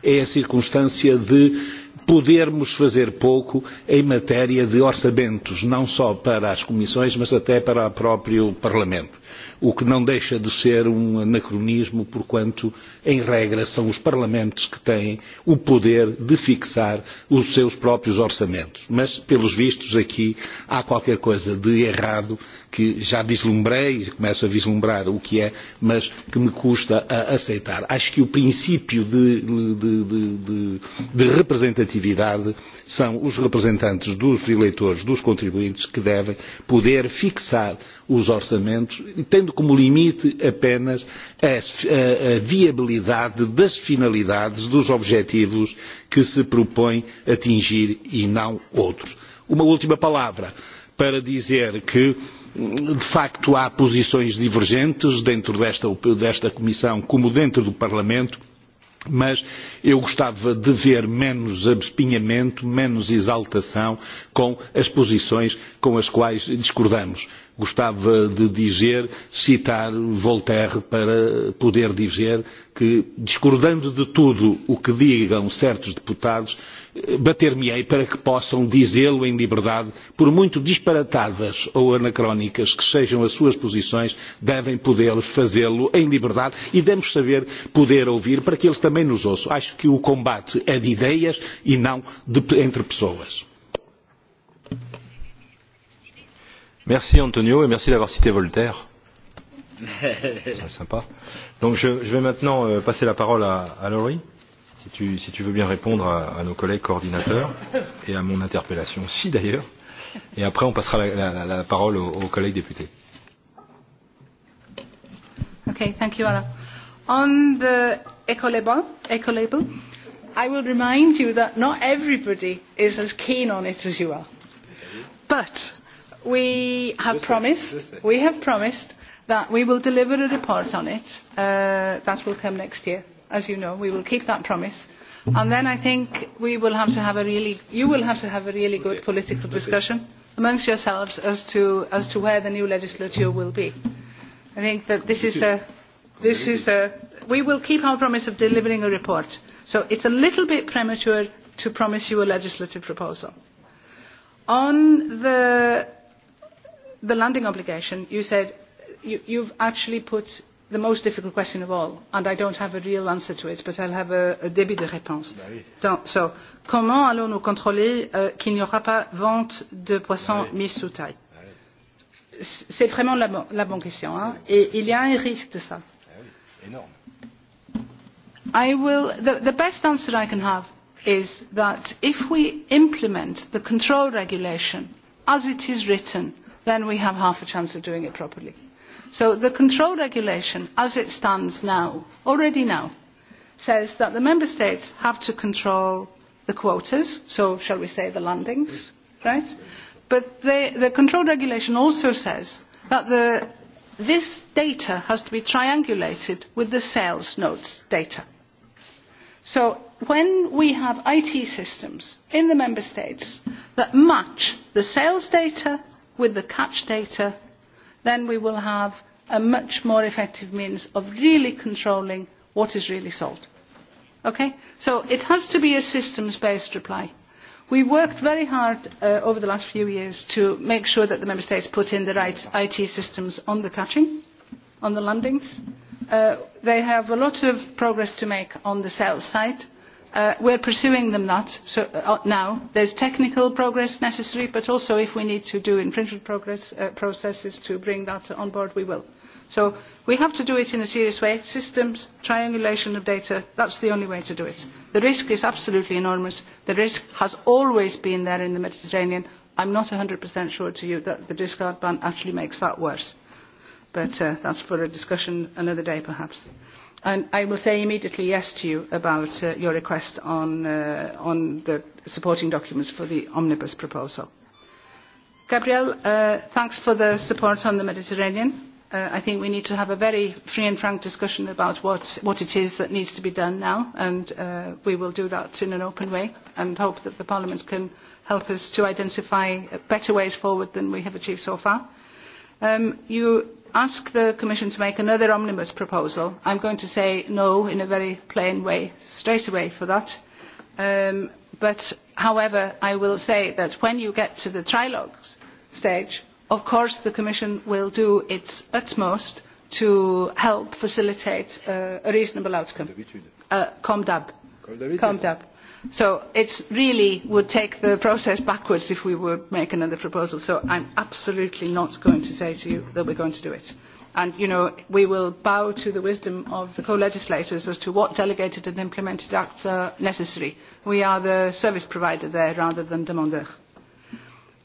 é a circunstância de podermos fazer pouco em matéria de orçamentos, não só para as comissões, mas até para o próprio Parlamento o que não deixa de ser um anacronismo, porquanto, em regra, são os parlamentos que têm o poder de fixar os seus próprios orçamentos. Mas, pelos vistos, aqui há qualquer coisa de errado que já vislumbrei, começo a vislumbrar o que é, mas que me custa a aceitar. Acho que o princípio de, de, de, de, de representatividade são os representantes dos eleitores, dos contribuintes, que devem poder fixar os orçamentos, tendo como limite apenas a, a, a viabilidade das finalidades, dos objetivos que se propõe atingir e não outros. Uma última palavra para dizer que de facto há posições divergentes dentro desta, desta Comissão como dentro do Parlamento, mas eu gostava de ver menos abespinhamento, menos exaltação com as posições com as quais discordamos gostava de dizer, citar Voltaire para poder dizer que, discordando de tudo o que digam certos deputados, bater-me-ei para que possam dizê-lo em liberdade, por muito disparatadas ou anacrónicas que sejam as suas posições, devem poder fazê-lo em liberdade e devemos saber poder ouvir para que eles também nos ouçam. Acho que o combate é de ideias e não de, entre pessoas. Merci Antonio et merci d'avoir cité Voltaire. C'est sympa. Donc je, je vais maintenant euh, passer la parole à, à Laurie, si tu, si tu veux bien répondre à, à nos collègues coordinateurs et à mon interpellation aussi d'ailleurs. Et après on passera la, la, la parole aux, aux collègues députés. Okay, thank you, Anna. On the ecolabel, ecolabel, I will remind you that not everybody is as keen on it as you are. But we have promised we have promised that we will deliver a report on it uh, that will come next year as you know we will keep that promise and then i think we will have to have a really you will have to have a really good political discussion amongst yourselves as to as to where the new legislature will be i think that this is a this is a we will keep our promise of delivering a report so it's a little bit premature to promise you a legislative proposal on the the landing obligation, you said you, you've actually put the most difficult question of all, and I don't have a real answer to it, but I'll have a, a début de réponse. Bah oui. Donc, so, comment allons-nous contrôler euh, qu'il n'y aura pas vente de poissons bah oui. mis sous taille bah oui. C'est vraiment la, la bonne question, hein, et il y a un risque de ça. Bah oui. Énorme. I will, the, the best answer I can have is that if we implement the control regulation as it is written, then we have half a chance of doing it properly. So the control regulation, as it stands now, already now, says that the member states have to control the quotas, so shall we say the landings, right? But they, the control regulation also says that the, this data has to be triangulated with the sales notes data. So when we have IT systems in the member states that match the sales data with the catch data, then we will have a much more effective means of really controlling what is really sold. Okay? So it has to be a systems-based reply. We worked very hard uh, over the last few years to make sure that the Member States put in the right IT systems on the catching, on the landings. Uh, they have a lot of progress to make on the sales side Uh, we are pursuing them that. so, uh, uh now. there is technical progress necessary but also if we need to do infringement progress, uh, processes to bring that on board we will. so we have to do it in a serious way systems triangulation of data that is the only way to do it. the risk is absolutely enormous. the risk has always been there in the mediterranean. i am not one hundred sure to you that the discard ban actually makes that worse but uh, that is for a discussion another day perhaps. And I will say immediately yes to you about uh, your request on, uh, on the supporting documents for the omnibus proposal. Gabriel, uh, thanks for the support on the Mediterranean. Uh, I think we need to have a very free and frank discussion about what, what it is that needs to be done now, and uh, we will do that in an open way and hope that the Parliament can help us to identify better ways forward than we have achieved so far. Um, you ask the Commission to make another omnibus proposal, I'm going to say no in a very plain way, straight away for that. Um, but however, I will say that when you get to the trilogue stage, of course the Commission will do its utmost to help facilitate uh, a reasonable outcome. Comdab so it really would take the process backwards if we were to make another proposal so i am absolutely not going to say to you that we are going to do it and you know we will bow to the wisdom of the co legislators as to what delegated and implemented acts are necessary. we are the service provider there rather than demandeur.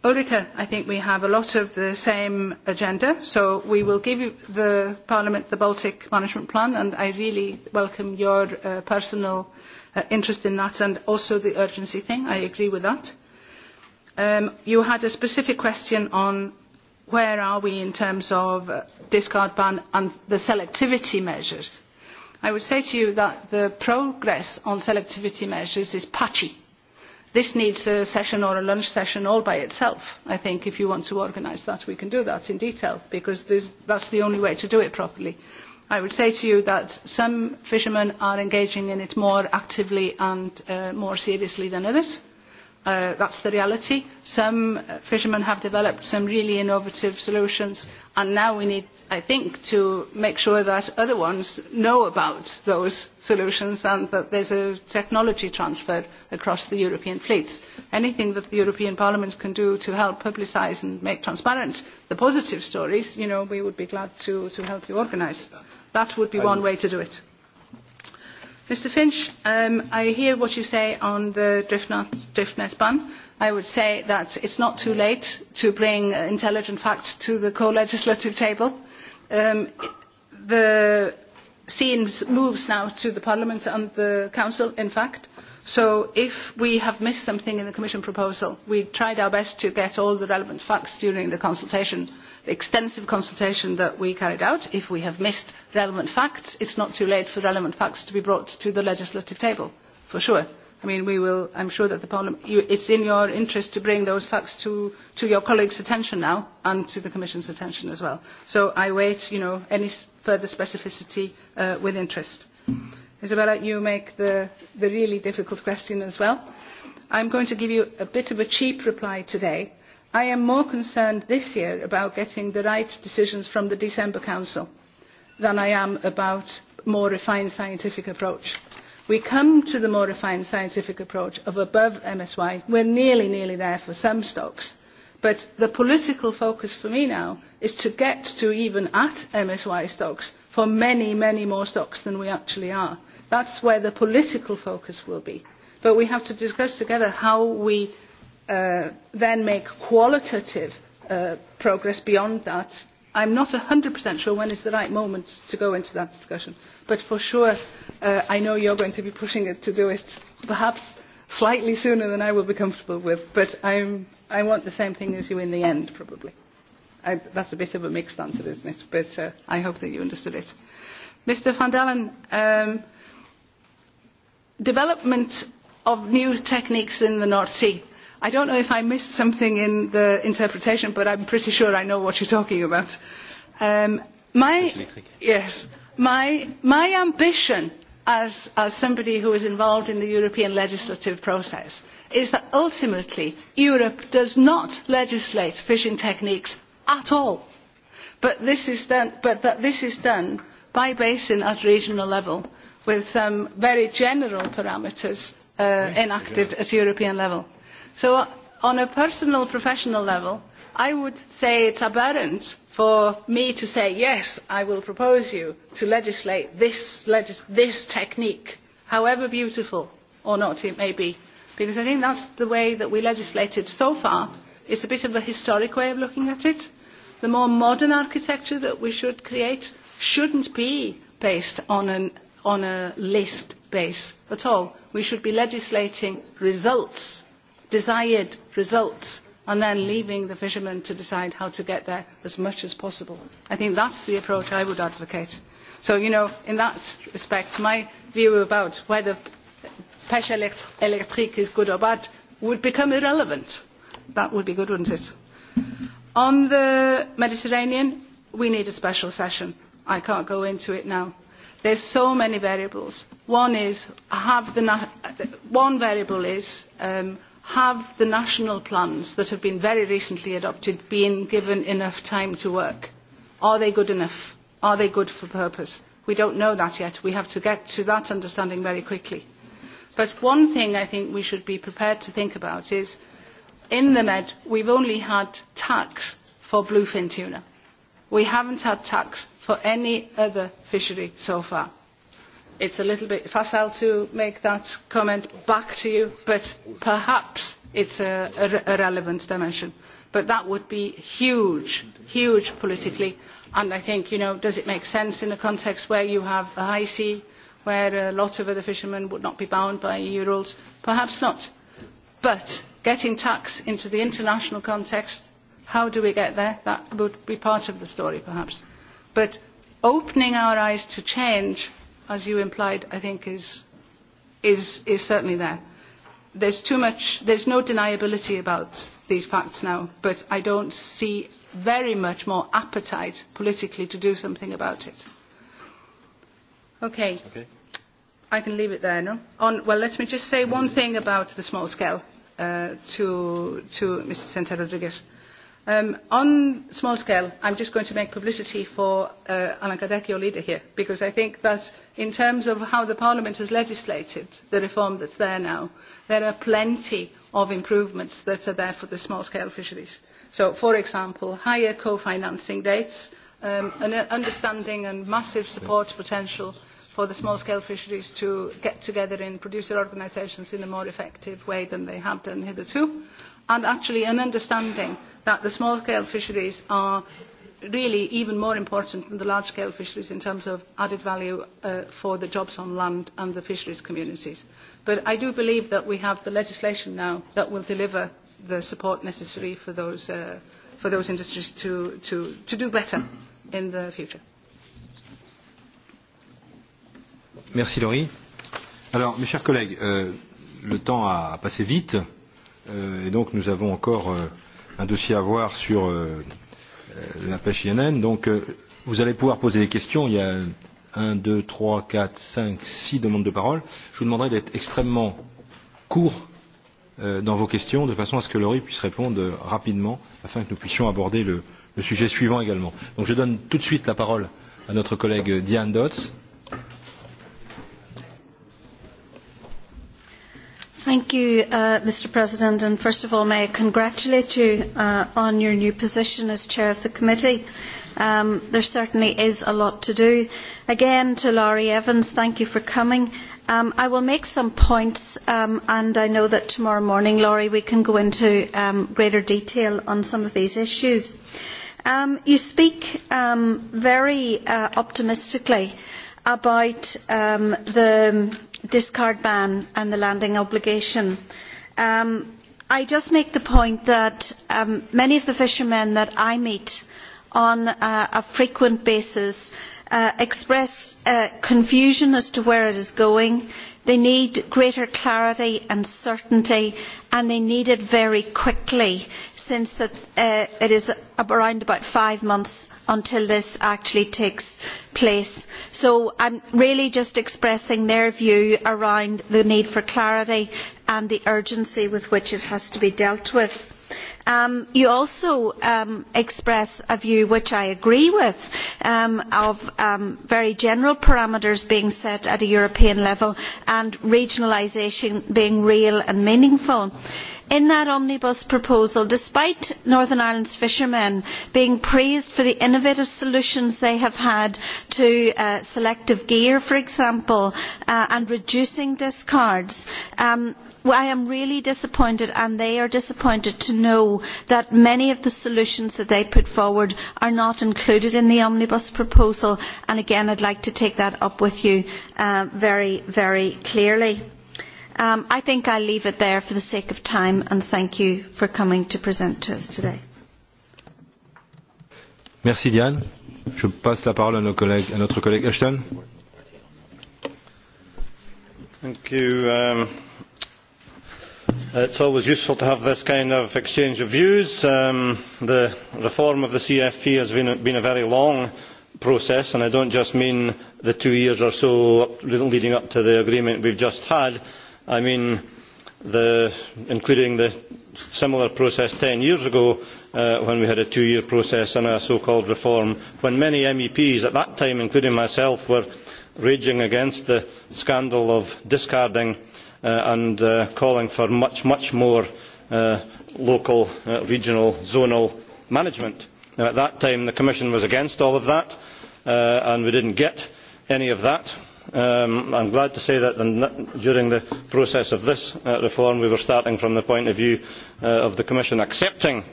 ulrike i think we have a lot of the same agenda so we will give the parliament the baltic management plan and i really welcome your uh, personal uh, uh, interest in that and also the urgency thing. I agree with that. Um, you had a specific question on where are we in terms of uh, discard ban and the selectivity measures. I would say to you that the progress on selectivity measures is patchy. This needs a session or a lunch session all by itself. I think if you want to organise that, we can do that in detail because that's the only way to do it properly I would say to you that some fishermen are engaging in it more actively and uh, more seriously than others. Uh, that's the reality. Some uh, fishermen have developed some really innovative solutions and now we need, I think, to make sure that other ones know about those solutions and that there's a technology transfer across the European fleets. Anything that the European Parliament can do to help publicise and make transparent the positive stories, you know, we would be glad to, to help you organise. That would be one way to do it. Mr Finch, um, I hear what you say on the DriftNet, net ban. I would say that it's not too late to bring uh, intelligent facts to the co-legislative table. Um, the scene moves now to the Parliament and the Council, in fact. So if we have missed something in the Commission proposal, we tried our best to get all the relevant facts during the consultation extensive consultation that we carried out if we have missed relevant facts it is not too late for relevant facts to be brought to the legislative table for sure. I mean, we will, I'm sure that the Parliament, you, it's in your interest to bring those facts to, to your colleagues' attention now and to the Commission's attention as well. So I wait, you know, any further specificity uh, with interest. Isabella, you make the, the really difficult question as well. I'm going to give you a bit of a cheap reply today i am more concerned this year about getting the right decisions from the december council than i am about a more refined scientific approach. we come to the more refined scientific approach of above msy we are nearly nearly there for some stocks but the political focus for me now is to get to even at msy stocks for many many more stocks than we actually are. that is where the political focus will be but we have to discuss together how we Uh, then make qualitative uh, progress beyond that, I'm not 100% sure when is the right moment to go into that discussion. But for sure, uh, I know you're going to be pushing it to do it perhaps slightly sooner than I will be comfortable with. But I'm, I want the same thing as you in the end, probably. I, that's a bit of a mixed answer, isn't it? But uh, I hope that you understood it. Mr Van Dalen, um, development of new techniques in the North Sea I don't know if I missed something in the interpretation, but I'm pretty sure I know what you're talking about. Um, my, yes, my, my ambition as, as somebody who is involved in the European legislative process is that ultimately Europe does not legislate fishing techniques at all, but, this is done, but that this is done by basin at regional level with some very general parameters uh, enacted at European level So on a personal, professional level, I would say it's aberrant for me to say, yes, I will propose you to legislate this, legis this technique, however beautiful or not it may be. Because I think that's the way that we legislated so far. It's a bit of a historic way of looking at it. The more modern architecture that we should create shouldn't be based on, an, on a list base at all. We should be legislating results desired results and then leaving the fishermen to decide how to get there as much as possible. I think that's the approach I would advocate. So, you know, in that respect, my view about whether pêche électrique is good or bad would become irrelevant. That would be good, wouldn't it? On the Mediterranean, we need a special session. I can't go into it now. There's so many variables. One is have the one variable is um, have the national plans that have been very recently adopted been given enough time to work? Are they good enough? Are they good for purpose? We don't know that yet. We have to get to that understanding very quickly. But one thing I think we should be prepared to think about is in the Med, we've only had tax for bluefin tuna. We haven't had tax for any other fishery so far it is a little bit facile to make that comment back to you but perhaps it is a, relevant dimension but that would be huge huge politically and i think you know does it make sense in a context where you have a high sea where a lot of other fishermen would not be bound by eu rules perhaps not but getting tax into the international context how do we get there that would be part of the story perhaps but opening our eyes to change as you implied, I think is, is, is certainly there. There's too much, there's no deniability about these facts now, but I don't see very much more appetite politically to do something about it. Okay. okay. I can leave it there, no? On, well, let me just say one thing about the small scale uh, to, to Mr. Santa Rodriguez. Uh, Um, on small scale, I'm just going to make publicity for uh, Alan your leader here, because I think that in terms of how the Parliament has legislated the reform that's there now, there are plenty of improvements that are there for the small scale fisheries. So, for example, higher co-financing rates, um, an uh, understanding and massive support potential for the small scale fisheries to get together in producer organisations in a more effective way than they have done hitherto, and actually an understanding that the small scale fisheries are really even more important than the large scale fisheries in terms of added value uh, for the jobs on land and the fisheries communities. But I do believe that we have the legislation now that will deliver the support necessary for those, uh, for those industries to, to, to do better in the future. Merci Laurie. Alors mes chers collègues, euh, le temps a passé vite euh, et donc nous avons encore euh, un dossier à voir sur euh, euh la pêche INN. Donc, euh, vous allez pouvoir poser des questions. Il y a 1, 2, 3, 4, 5, 6 demandes de parole. Je vous demanderai d'être extrêmement court euh, dans vos questions, de façon à ce que Laurie puisse répondre euh, rapidement, afin que nous puissions aborder le, le sujet suivant également. Donc, je donne tout de suite la parole à notre collègue Diane Dodds Thank you, uh, Mr President, and first of all may I congratulate you uh, on your new position as Chair of the Committee. Um, there certainly is a lot to do. Again to Laurie Evans, thank you for coming. Um, I will make some points um, and I know that tomorrow morning, Laurie, we can go into um, greater detail on some of these issues. Um, you speak um, very uh, optimistically about um, the discard ban and the landing obligation. Um, I just make the point that um, many of the fishermen that I meet on uh, a frequent basis uh, express uh, confusion as to where it is going. They need greater clarity and certainty, and they need it very quickly, since uh, it, is around about five months until this actually takes place. So I'm really just expressing their view around the need for clarity and the urgency with which it has to be dealt with. Um, you also um, express a view which I agree with um, of very general parameters being set at a European level and regionalisation being real and meaningful in that omnibus proposal despite northern ireland's fishermen being praised for the innovative solutions they have had to uh, selective gear for example uh, and reducing discards i am really disappointed and they are disappointed to know that many of the solutions that they put forward are not included in the omnibus proposal and again i would like to take that up with you uh, very very clearly. Um, i think i will leave it there for the sake of time and thank you for coming to present to us today. Merci Diane. Je passe la parole à, nos collègues, à notre collègue Ashton. Thank you, um... Uh, it is always useful to have this kind of exchange of views. Um, the reform of the cfp has been, been a very long process and i do not just mean the two years or so up, leading up to the agreement we have just had i mean the, including the similar process ten years ago uh, when we had a two year process and a so called reform when many meps at that time including myself were raging against the scandal of discarding Uh, and uh, calling for much much more uh, local regional zonal management. at that time the commission was against all of that and we did not get any of that. i am um, glad to say that during the process of this reform we were starting from the point of view of the commission accepting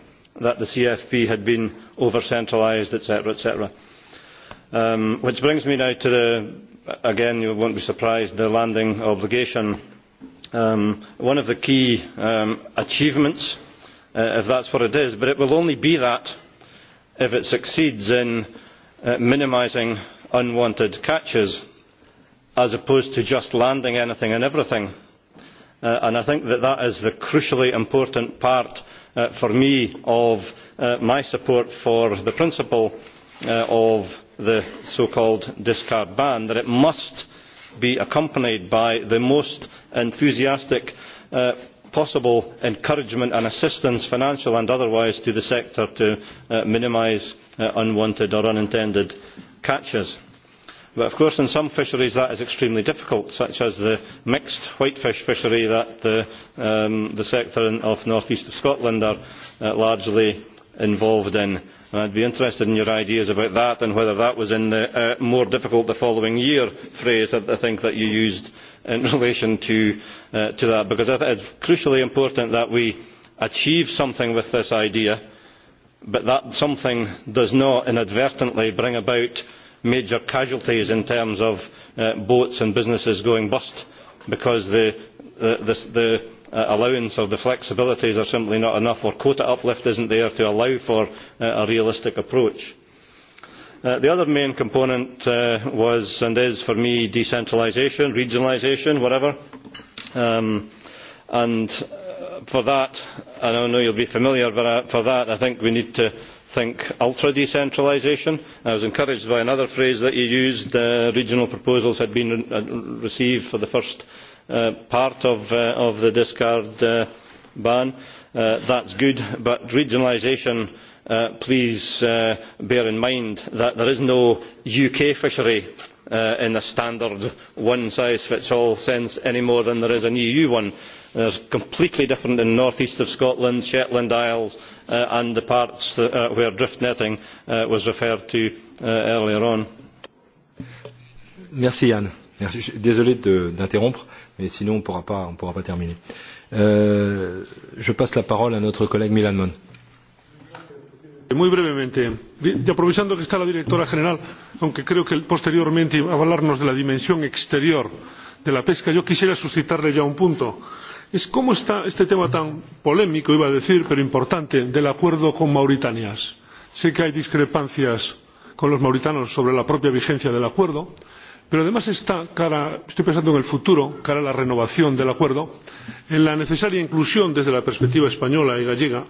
that the cfp had been over centralised etc. etc. Um, which brings me now to the again you will not be surprised the landing obligation Um, one of the key um, achievements, if uh, if that's what it is. But it will only be that if it succeeds in uh, minimising unwanted catches, as opposed to just landing anything and everything. Uh, and I think that that is the crucially important part for me of my support for the principle of the so called discard ban that it must be accompanied by the most enthusiastic uh, possible encouragement and assistance financial and otherwise to the sector to uh, minimise uh, unwanted or unintended catches. but of course in some fisheries that is extremely difficult such as the mixed whitefish fishery that the, um, sector of the north east of scotland are largely involved in. I would be interested in your ideas about that and whether that was in the more difficult the following year' phrase that i think that you used in relation to, uh, that because it is crucially important that we achieve something with this idea but that something does not inadvertently bring about major casualties in terms of uh, boats and businesses going bust because the, the, the, the uh, allowance of the flexibilities are simply not enough or quota uplift is not there to allow for a realistic approach Uh, the other main component uh, was and is for me decentralisation regionalisation whatever um, and uh, for that i know you will be familiar but for that i think we need to think ultra decentralisation. i was encouraged by another phrase that you used regional proposals had been received for the first part of, of the discard ban. that is good but regionalisation Uh, please uh, bear in mind that there is no uk fishery uh, in a standard one size fits all sense any more than there is an eu one. they are completely different in the north east of scotland the shetland isles and the parts where drift netting was referred to earlier on. Merci Yann. Désolé d'interrompre, mais sinon on ne pourra pas terminer. Euh, je passe la parole à notre collègue Milan Mon. Muy brevemente, y aprovechando que está la directora general, aunque creo que posteriormente va a hablarnos de la dimensión exterior de la pesca, yo quisiera suscitarle ya un punto. Es cómo está este tema tan polémico, iba a decir, pero importante, del acuerdo con Mauritania. Sé que hay discrepancias con los mauritanos sobre la propia vigencia del acuerdo, pero además está estoy pensando en el futuro cara a la renovación del acuerdo en la necesaria inclusión desde la perspectiva española y gallega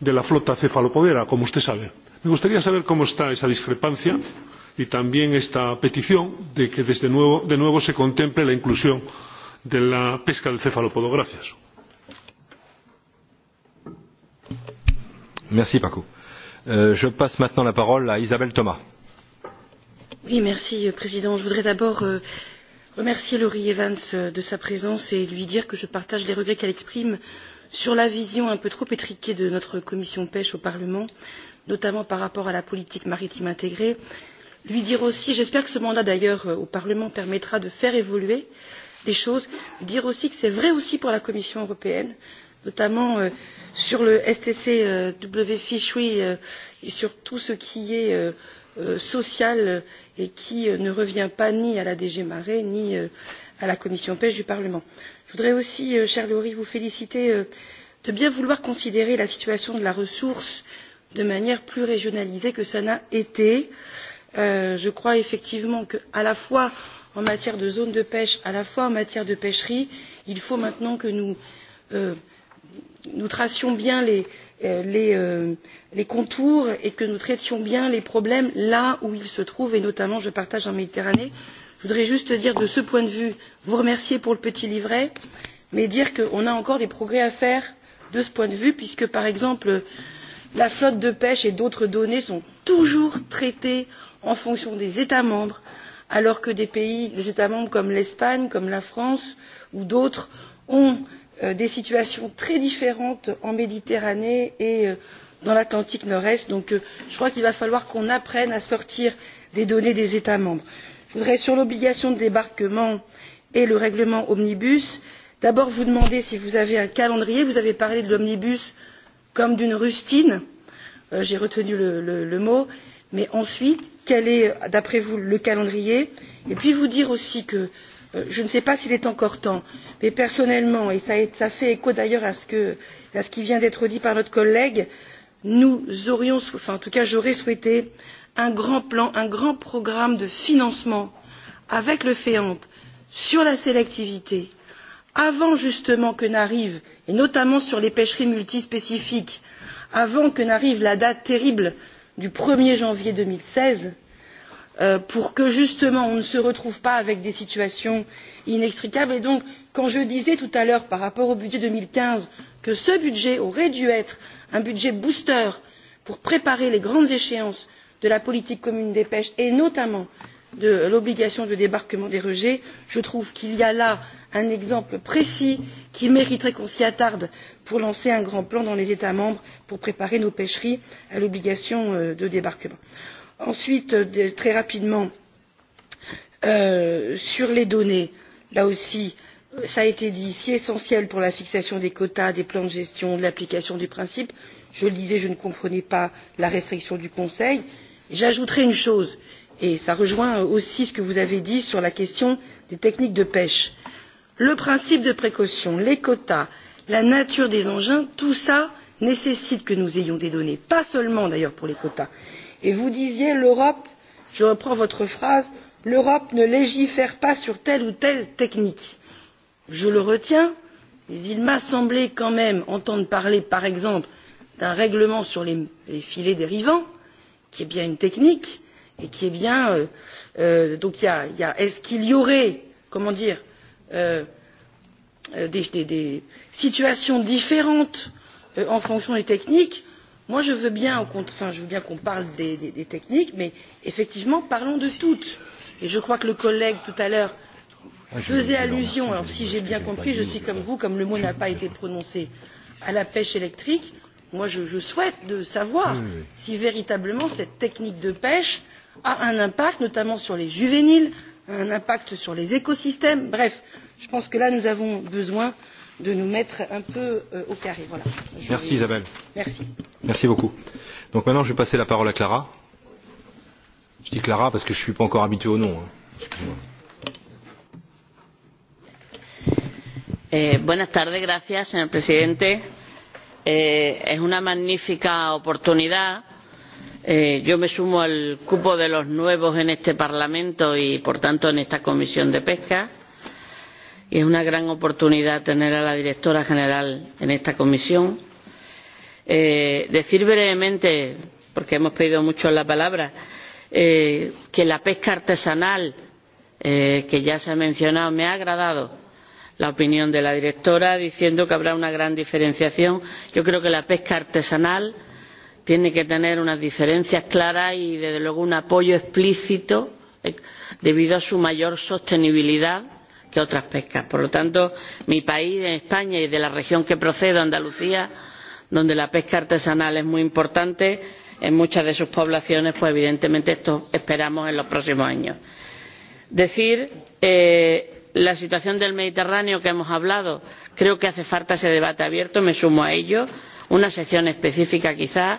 de la flota cefalopodera como usted sabe. me gustaría saber cómo está esa discrepancia y también esta petición de que de nuevo se contemple la inclusión de la pesca del cefalópodo. gracias. Merci, euh, je euh, Président. Je voudrais d'abord euh, remercier Laurie Evans de sa présence et lui dire que je partage les regrets qu'elle exprime sur la vision un peu trop étriquée de notre commission de la pêche au parlement notamment par rapport à la politique maritime intégrée lui dire aussi j'espère que ce mandat d'ailleurs euh, au parlement permettra de faire évoluer les choses lui dire aussi que c'est vrai aussi pour la commission européenne notamment euh, sur le stc euh, w fishery et sur tout ce qui est social et qui ne revient pas ni à la dg mare ni à la commission pêche du parlement. je voudrais aussi euh, cher laurie vous féliciter euh, de bien vouloir considérer la situation de la ressource de manière plus régionalisée que cela n'a été. Euh, je crois effectivement qu'à la fois en matière de zones de pêche à la fois en matière de pêcherie il faut maintenant que nous, euh, tracions bien les, les contours et que nous traitions bien les problèmes là où ils se trouvent et notamment je partage en méditerranée je voudrais juste dire de ce point de vue vous remercier pour le petit livret mais dire qu'on a encore des progrès à faire de ce point de vue puisque par exemple la flotte de pêche et d'autres données sont toujours traitées en fonction des états membres alors que des pays des états membres comme l'espagne comme la france ou d'autres ont euh, des situations très différentes en méditerranée et euh, dans l'atlantique nord est donc euh, je crois qu'il va falloir qu'on apprenne à sortir des données des états membres voudrais sur l'obligation de débarquement et le règlement omnibus d'abord vous demander si vous avez un calendrier vous avez parlé de l'omnibus comme d'une rustine euh, j'ai retenu le, mot mais ensuite quel est d'après vous le calendrier et puis vous dire aussi que euh, je ne sais pas s'il est encore temps mais personnellement et cela fait écho d'ailleurs à, à ce qui vient d'être dit par notre collègue nous aurions enfin en tout cas j'aurais souhaité que un grand plan un grand programme de financement avec le feamp sur la sélectivité avant justement que n'arrive et notamment sur les pêcheries multispécifiques avant que n'arrive la date terrible du un er janvier deux mille seize euh, pour que justement on ne se retrouve pas avec des situations inextricables et donc quand je disais tout à l'heure par rapport au budget deux mille quinze que ce budget aurait dû être un budget booster pour préparer les grandes échéances de la politique commune de la pêche et notamment de l'obligation de débarquement des rejets je trouve qu'il y a là un exemple précis qui mériterait qu'on s'y attarde pour lancer un grand plan dans les états membres pour préparer nos pêcheries à l'obligation euh, de débarquement. ensuite euh, très rapidement euh, sur les données là aussi cela a été dit si essentielles pour la fixation des quotas des plans de gestion de l'application du principe je le disais je ne comprenais pas la restriction du conseil mais j'ajouterai une chose et cela rejoint aussi ce que vous avez dit sur la question des techniques de pêche le principe de précaution les quotas la nature des engins tout cela nécessite que nous ayons des données pas seulement d'ailleurs pour les quotas. et vous disiez l'europe je reprends votre phrase l'europe ne légifère pas sur telle ou telle technique. je le retiens mais il m'a semblé quand même entendre parler par exemple d'un règlement sur les, filets dérivants qui est bien une technique et qui est bien euh, euh, donc il y a, y a est ce qu'il y aurait comment dire euh, euh, des, des, des situations différentes euh, en fonction des techniques moi je veux bien enfin je veux bien qu'on parle des, des, des techniques mais effectivement parlons de toutes et je crois que le collègue tout à l'heure ah, faisait allusion alors si j'ai bien compris je suis comme vous comme le mot n'a pas été prononcé à la pêche électrique je, souhaite de savoir si véritablement cette technique de pêche a un impact notamment sur les juvéniles un impact sur les écosystèmes bref je pense que là nous avons besoin de nous mettre un peu euh, au carré. Voilà. merci vais... Isabelle. Merci. Merci beaucoup. Donc maintenant je vais passer la parole à Clara. Je dis Clara parce que je ne suis pas encore habitué au nom. Hein. Eh, buenas tardes, gracias, señor presidente Eh, es una magnífica oportunidad. Eh, yo me sumo al cupo de los nuevos en este Parlamento y, por tanto, en esta Comisión de Pesca. Y es una gran oportunidad tener a la directora general en esta comisión. Eh, decir brevemente, porque hemos pedido mucho la palabra, eh, que la pesca artesanal, eh, que ya se ha mencionado, me ha agradado la opinión de la directora diciendo que habrá una gran diferenciación. yo creo que la pesca artesanal tiene que tener unas diferencias claras y desde luego un apoyo explícito eh, debido a su mayor sostenibilidad que otras pescas. por lo tanto mi país españa y de la región de que procedo andalucía donde la pesca artesanal es muy importante en muchas de sus poblaciones pues evidentemente esto esperamos en los próximos años. decir eh, la situación del mediterráneo de que hemos hablado creo que hace falta ese debate abierto me sumo a ello una sección específica quizá.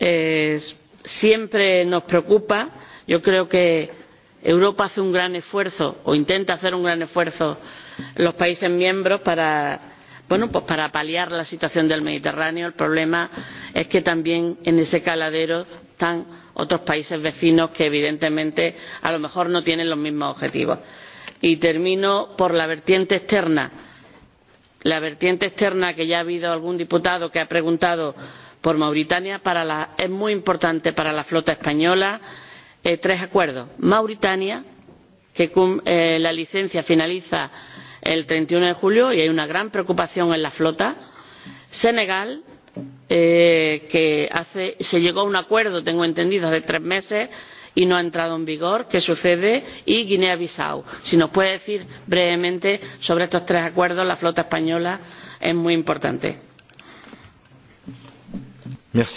Eh, siempre nos preocupa yo creo que europa hace un gran esfuerzo o intenta hacer un gran esfuerzo los países miembros para paliar la situación del mediterráneo. el problema es que también en ese caladero están otros países vecinos que evidentemente a lo mejor no tienen los mismos objetivos y termino por la vertiente externa la vertiente externa que ya ha habido algún diputado que ha preguntado por mauritania es muy importante para la flota española eh, tres acuerdos mauritania que eh, la licencia finaliza el treinta y uno de julio y hay una gran preocupación en la flota senegal eh, que hace, se llegó a un acuerdo tengo entendido hace tres meses y y no ha entrado en vigor qué sucede y guinea bisáu. si nos puede decir brevemente sobre estos tres acuerdos la flota española es muy importante. Dank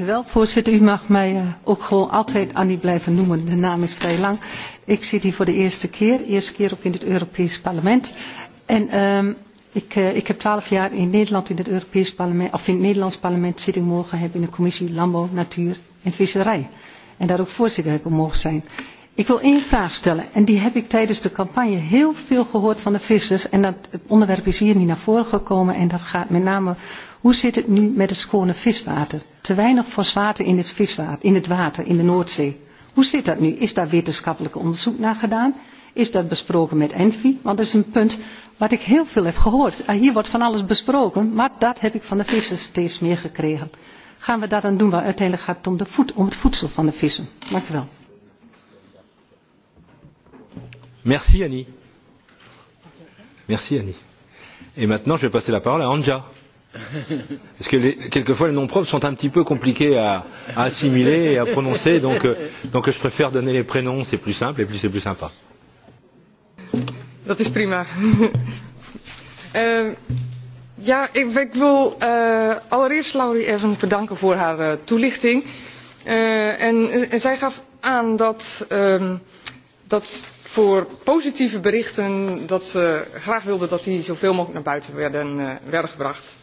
u wel, voorzitter. U mag mij eh, ook gewoon altijd Annie blijven noemen. De naam is vrij lang. Ik zit hier voor de eerste keer. Eerste keer ook in het Europees Parlement. En um, Ik, uh, ik heb twaalf jaar in Nederland in het Europees parlement, of in het Nederlands parlement zitting mogen hebben in de commissie Landbouw, Natuur en Visserij. En daar ook voorzitter hebben mogen zijn. Ik wil één vraag stellen en die heb ik tijdens de campagne heel veel gehoord van de vissers. En dat het onderwerp is hier niet naar voren gekomen en dat gaat met name hoe zit het nu met het schone viswater? Te weinig fosfaten in het, viswater, in het water, in de Noordzee. Hoe zit dat nu? Is daar wetenschappelijk onderzoek naar gedaan? Is dat besproken met Envi? Want dat is een punt wat ik heel veel heb gehoord. Eh, hier wordt van alles besproken, maar dat heb ik van de vissers steeds meer gekregen. Gaan we dat dan doen? Want uiteindelijk gaat het om, de voet, om het voedsel van de vissen. Dank u wel. Merci Annie. Merci Annie. Et maintenant, je vais passer la parole à Anja. Parce que les, quelquefois, les noms propres sont un petit peu compliqués à, à assimiler et à prononcer, donc, euh, donc je préfère donner les prénoms, c'est plus simple et plus c'est plus sympa dat is prima. uh, ja, ik, ik wil uh, allereerst Laurie even bedanken voor haar uh, toelichting. Uh, en, en zij gaf aan dat, uh, dat voor positieve berichten dat ze graag wilde dat die zoveel mogelijk naar buiten werden, uh, werden gebracht.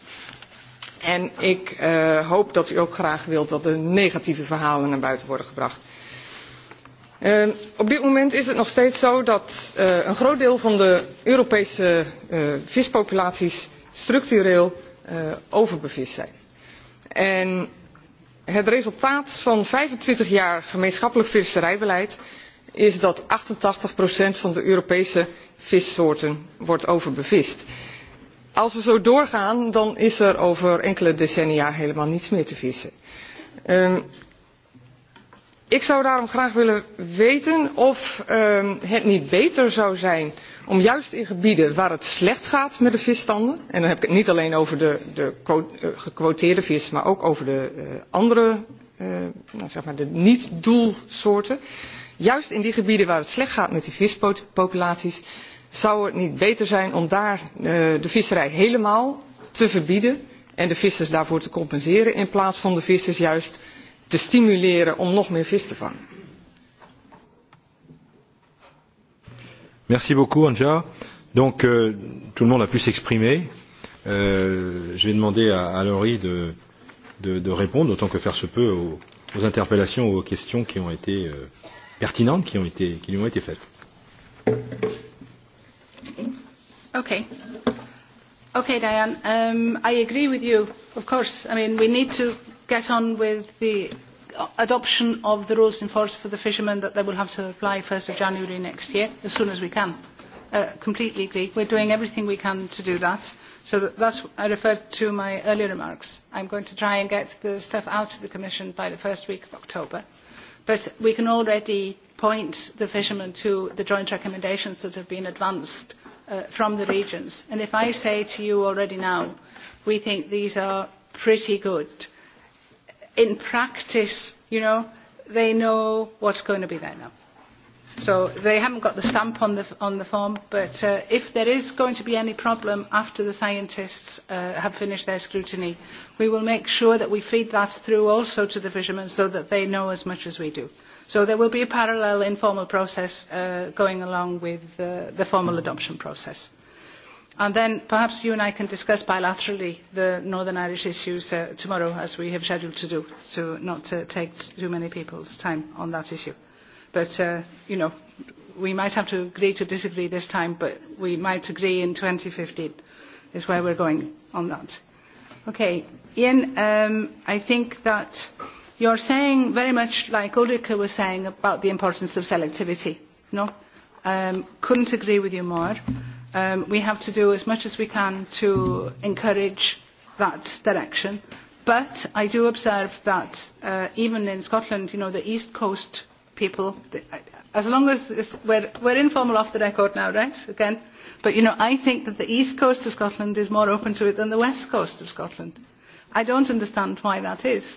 En ik uh, hoop dat u ook graag wilt dat de negatieve verhalen naar buiten worden gebracht. Ehm, op dit moment is het nog steeds zo dat eh, een groot deel van de Europese eh, vispopulaties structureel eh, overbevist zijn. En het resultaat van vijfentwintig jaar gemeenschappelijk visserijbeleid is dat achtentachtig van de Europese vissoorten wordt overbevist. Als we zo doorgaan, dan is er over enkele decennia helemaal niets meer te vissen. Ehm, ik zou daarom graag willen weten of ehm, het niet beter zou zijn om juist in gebieden waar het slecht gaat met de visstanden en dan heb ik het niet alleen over de, eh, gequoteerde vis maar ook over de eh, andere eh, zeg maar de niet doelsoorten juist in die gebieden waar het slecht gaat met die vispopulaties zou het niet beter zijn om daar de visserij helemaal te verbieden en de vissers daarvoor te compenseren in plaats van de vissers juist te stimuleren om nog meer vis te vangen. Merci beaucoup, Anja. Donc, euh, tout le monde a pu s'exprimer. Euh, je vais demander à, à Laurie de, de, de répondre, autant que faire se peut, aux, aux interpellations ou aux questions qui ont été euh, pertinentes, qui, ont été, qui lui ont été faites. Ok. Ok, Diane. Um, I agree with you, of course. I mean, we need to get on with the adoption of the rules in force for the fishermen that they will have to apply 1st of January next year, as soon as we can. Uh, completely agree. We're doing everything we can to do that. So that, that's I referred to my earlier remarks. I'm going to try and get the stuff out to the Commission by the first week of October. But we can already point the fishermen to the joint recommendations that have been advanced uh, from the regions. And if I say to you already now, we think these are pretty good, in practice, you know, they know what's going to be there now. So they haven't got the stamp on the, on the form, but uh, if there is going to be any problem after the scientists uh, have finished their scrutiny, we will make sure that we feed that through also to the fishermen so that they know as much as we do. So there will be a parallel informal process uh, going along with uh, the formal adoption process and then perhaps you and I can discuss bilaterally the Northern Irish issues uh, tomorrow, as we have scheduled to do, so as not to take too many people's time on that issue. But, uh, you know, we might have to agree to disagree this time, but we might agree in two thousand and fifteen is where we are going on that. Ian, um, I think that you are saying very much like Ulrike was saying about the importance of selectivity. i um, couldn't agree with you more. Um, we have to do as much as we can to encourage that direction. But I do observe that uh, even in Scotland, you know, the East Coast people, the, as long as this, we're, we're informal off the record now, right? Again. But, you know, I think that the East Coast of Scotland is more open to it than the West Coast of Scotland. I don't understand why that is.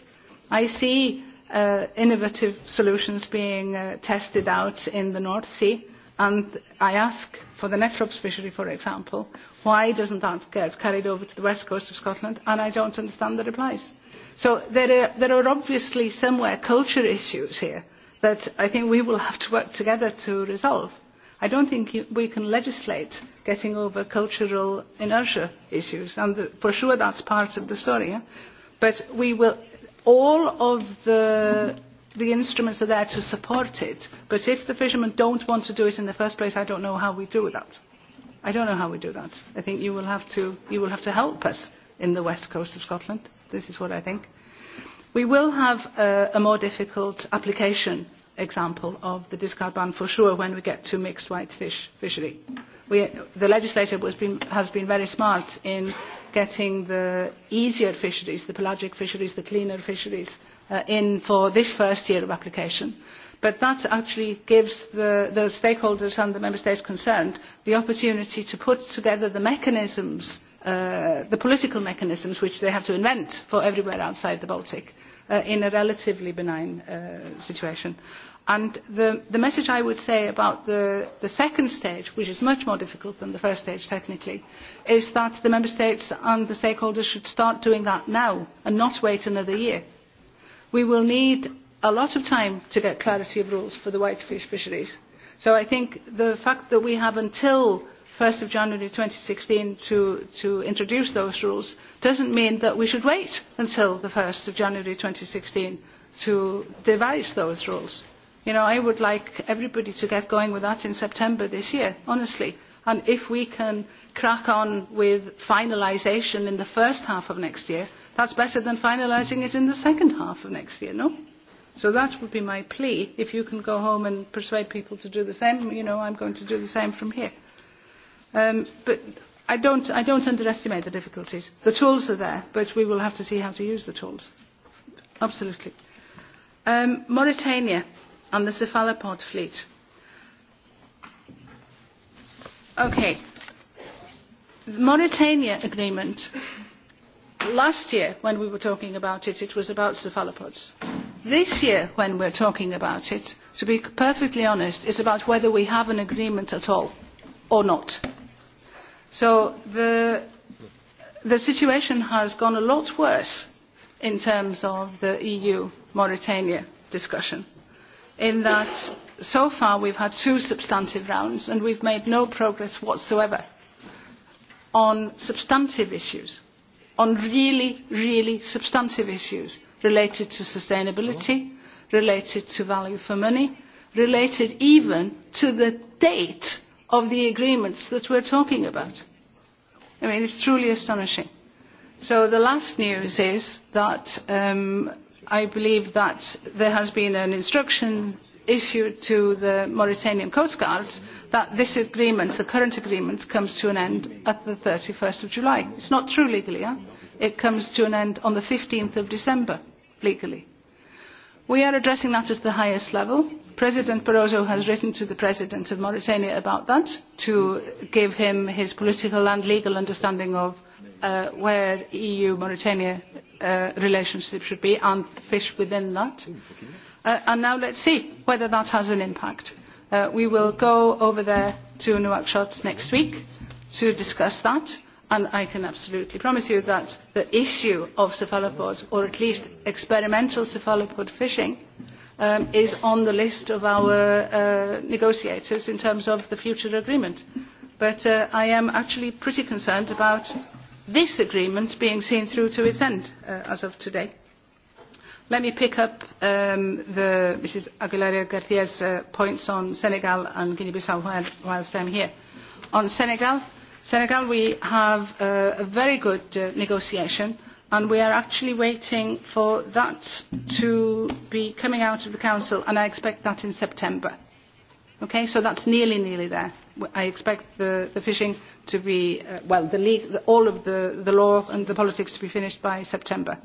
I see uh, innovative solutions being uh, tested out in the North Sea And I ask for the Nephrops fishery, for example, why doesn't that get carried over to the west coast of Scotland? And I don't understand the replies. So there are, there are obviously somewhere culture issues here that I think we will have to work together to resolve. I don't think we can legislate getting over cultural inertia issues, and for sure that's part of the story. Yeah? But we will, all of the the instruments are there to support it. But if the fishermen don't want to do it in the first place, I don't know how we do that. I don't know how we do that. I think you will have to, you will have to help us in the west coast of Scotland. This is what I think. We will have a, a more difficult application example of the discard ban for sure when we get to mixed white fish fishery. We, the legislator been, has been very smart in getting the easier fisheries, the pelagic fisheries, the cleaner fisheries, uh, in for this first year of application. But that actually gives the, the stakeholders and the member states concerned the opportunity to put together the mechanisms, uh, the political mechanisms which they have to invent for everywhere outside the Baltic uh, in a relatively benign uh, situation. And the, the message I would say about the, the second stage, which is much more difficult than the first stage technically, is that the Member States and the stakeholders should start doing that now and not wait another year we will need a lot of time to get clarity of rules for the whitefish fisheries. So I think the fact that we have until 1st of January 2016 to, to introduce those rules doesn't mean that we should wait until the 1st of January 2016 to devise those rules. You know, I would like everybody to get going with that in September this year, honestly. And if we can crack on with finalisation in the first half of next year, That's better than finalising it in the second half of next year, no? So that would be my plea. If you can go home and persuade people to do the same, you know, I'm going to do the same from here. Um, but I don't, I don't underestimate the difficulties. The tools are there, but we will have to see how to use the tools. Absolutely. Um, Mauritania and the cephalopod fleet. Okay. The Mauritania agreement last year when we were talking about it, it was about cephalopods. This year, when we're talking about it, to be perfectly honest, is about whether we have an agreement at all or not. So the, the situation has gone a lot worse in terms of the EU-Mauritania discussion, in that so far we've had two substantive rounds and we've made no progress whatsoever on substantive issues on really, really substantive issues related to sustainability, related to value for money, related even to the date of the agreements that we're talking about. I mean, it's truly astonishing. So the last news is that um, I believe that there has been an instruction issued to the Mauritanian Coast Guards that this agreement, the current agreement, comes to an end at the 31st of July. It's not true legally, huh? it comes to an end on the 15th of December, legally. We are addressing that at the highest level. President Barroso has written to the President of Mauritania about that, to give him his political and legal understanding of uh, where EU-Mauritania uh, relationship should be and fish within that. Uh, and now let's see whether that has an impact. Uh, we will go over there to Nouakchott next week to discuss that and i can absolutely promise you that the issue of cephalopods or at least experimental cephalopod fishing um, is on the list of our uh, negotiators in terms of the future agreement but uh, i am actually pretty concerned about this agreement being seen through to its end uh, as of today. Let me pick up um, the, Mrs Aguilera Garcia's uh, points on Senegal and Guinea-Bissau while, whilst I'm here. On Senegal, Senegal, we have a very good uh, negotiation, and we are actually waiting for that to be coming out of the Council, and I expect that in September. Okay, so that's nearly, nearly there. I expect the, the fishing to be, uh, well, the league, the, all of the, the law and the politics to be finished by September.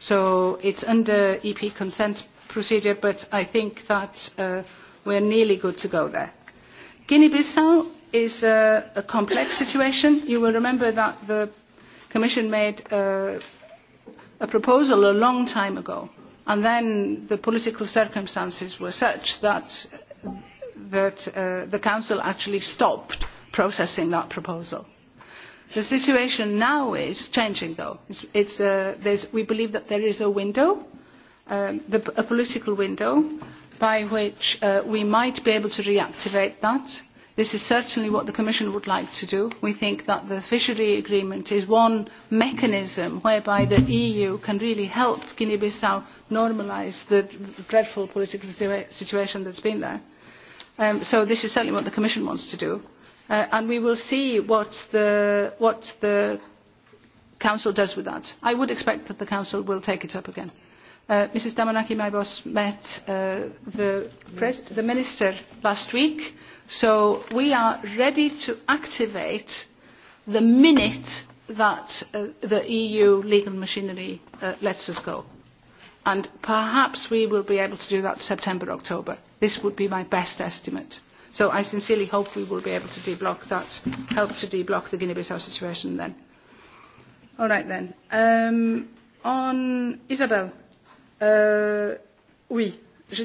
So it's under EP consent procedure, but I think that uh, we're nearly good to go there. Guinea-Bissau, is a, a complex situation. You will remember that the Commission made a, uh, a proposal a long time ago, and then the political circumstances were such that, that uh, the Council actually stopped processing that proposal. The situation now is changing, though. It's, it's, uh, we believe that there is a window, um, the, a political window, by which uh, we might be able to reactivate that this is certainly what the commission would like to do. we think that the fishery agreement is one mechanism whereby the eu can really help guinea bissau normalise the dreadful political situation that has been there. Um, so this is certainly what the commission wants to do uh, and we will see what the, what the council does with that. i would expect that the council will take it up again. Uh, Mrs Damanaki, my boss, met uh, the, the minister last week So we are ready to activate the minute that uh, the EU legal machinery uh, lets us go. And perhaps we will be able to do that September, October. This would be my best estimate. So I sincerely hope we will be able to deblock that, help to deblock the Guinea-Bissau situation then. All right then. Um, on Isabel. Uh, oui je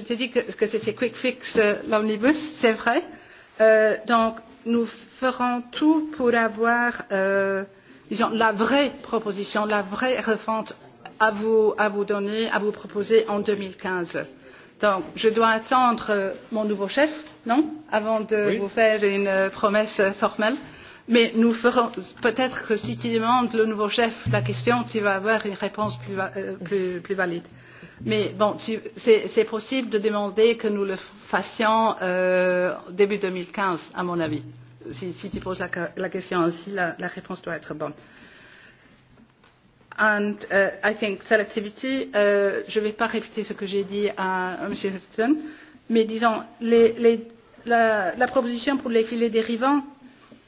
t'ai dit que, que c'était quick fix euh, l'omnibus, c'est vrai. Euh, donc, nous ferons tout pour avoir, euh, disons, la vraie proposition, la vraie refonte à vous, à vous donner, à vous proposer en 2015. Donc, je dois attendre mon nouveau chef, non Avant de oui. vous faire une euh, promesse formelle mais nous ferons peut être que si tu demandes le nouveau chef la question tu vas avoir une réponse plus, va, euh, plus, plus valide. mais bon c'est possible de demander que nous le fassions euh, début 2015, à mon avis. si, si tu poses la, la question ainsi la, la réponse doit être bonne. And uh, I think selectivity, uh, je ne vais pas répéter ce que j'ai dit à, à M. Hudson, mais disons, les, les, la, la proposition pour les filets dérivants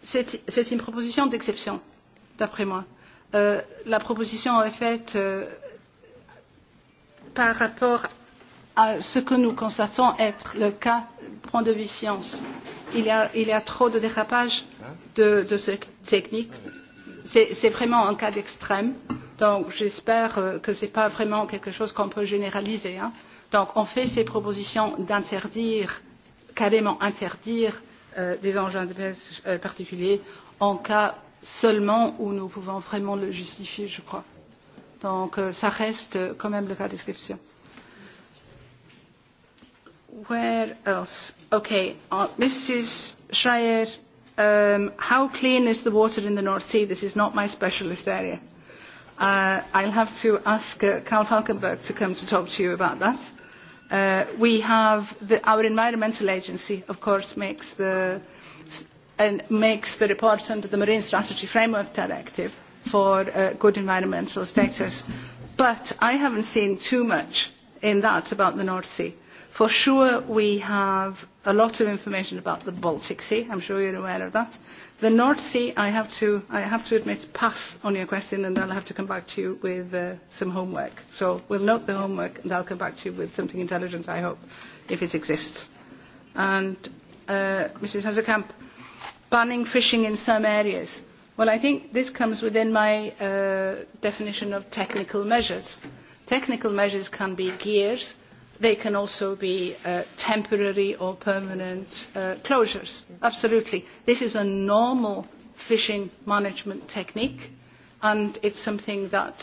c'est une proposition d'exception, d'après moi. Euh, la proposition est faite euh, par rapport à ce que nous constatons être le cas point de vue science. Il y a, il y a trop de dérapage de, de cette technique. C'est vraiment un cas d'extrême. Donc j'espère euh, que ce n'est pas vraiment quelque chose qu'on peut généraliser. Hein. Donc on fait ces propositions d'interdire, carrément interdire euh, Euh, des engins de pêche particuliers en cas seulement où nous pouvons vraiment le justifier, je crois. Donc euh, ça reste quand même le cas description. Where else? Okay, uh, Mrs. Schreier, um, how clean is the water in the North Sea? This is not my specialist area. Uh, I'll have to ask uh, Carl Falkenberg to come to talk to you about that. Uh, we have the, our environmental agency, of course, makes the, and makes the reports under the Marine Strategy Framework Directive for uh, good environmental status. But I haven't seen too much in that about the North Sea. For sure, we have a lot of information about the Baltic Sea. I'm sure you're aware of that. Uh, The North Sea, I have to, I have to admit, pass on your question, and I'll have to come back to you with uh, some homework. So we'll note the homework, and I'll come back to you with something intelligent, I hope, if it exists. And uh, Mrs. Hazekamp, banning fishing in some areas. Well, I think this comes within my uh, definition of technical measures. Technical measures can be gears, they can also be uh, temporary or permanent uh, closures. Absolutely. This is a normal fishing management technique and it's something that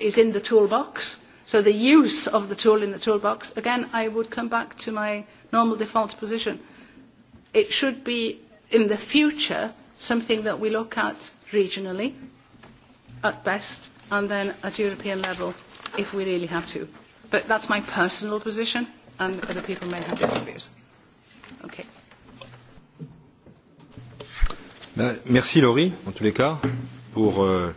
is in the toolbox. So the use of the tool in the toolbox, again, I would come back to my normal default position. It should be in the future something that we look at regionally at best and then at European level if we really have to. But that's my personal position, and other people may have different views. Okay. merci Laurie, en tous les cas, pour euh,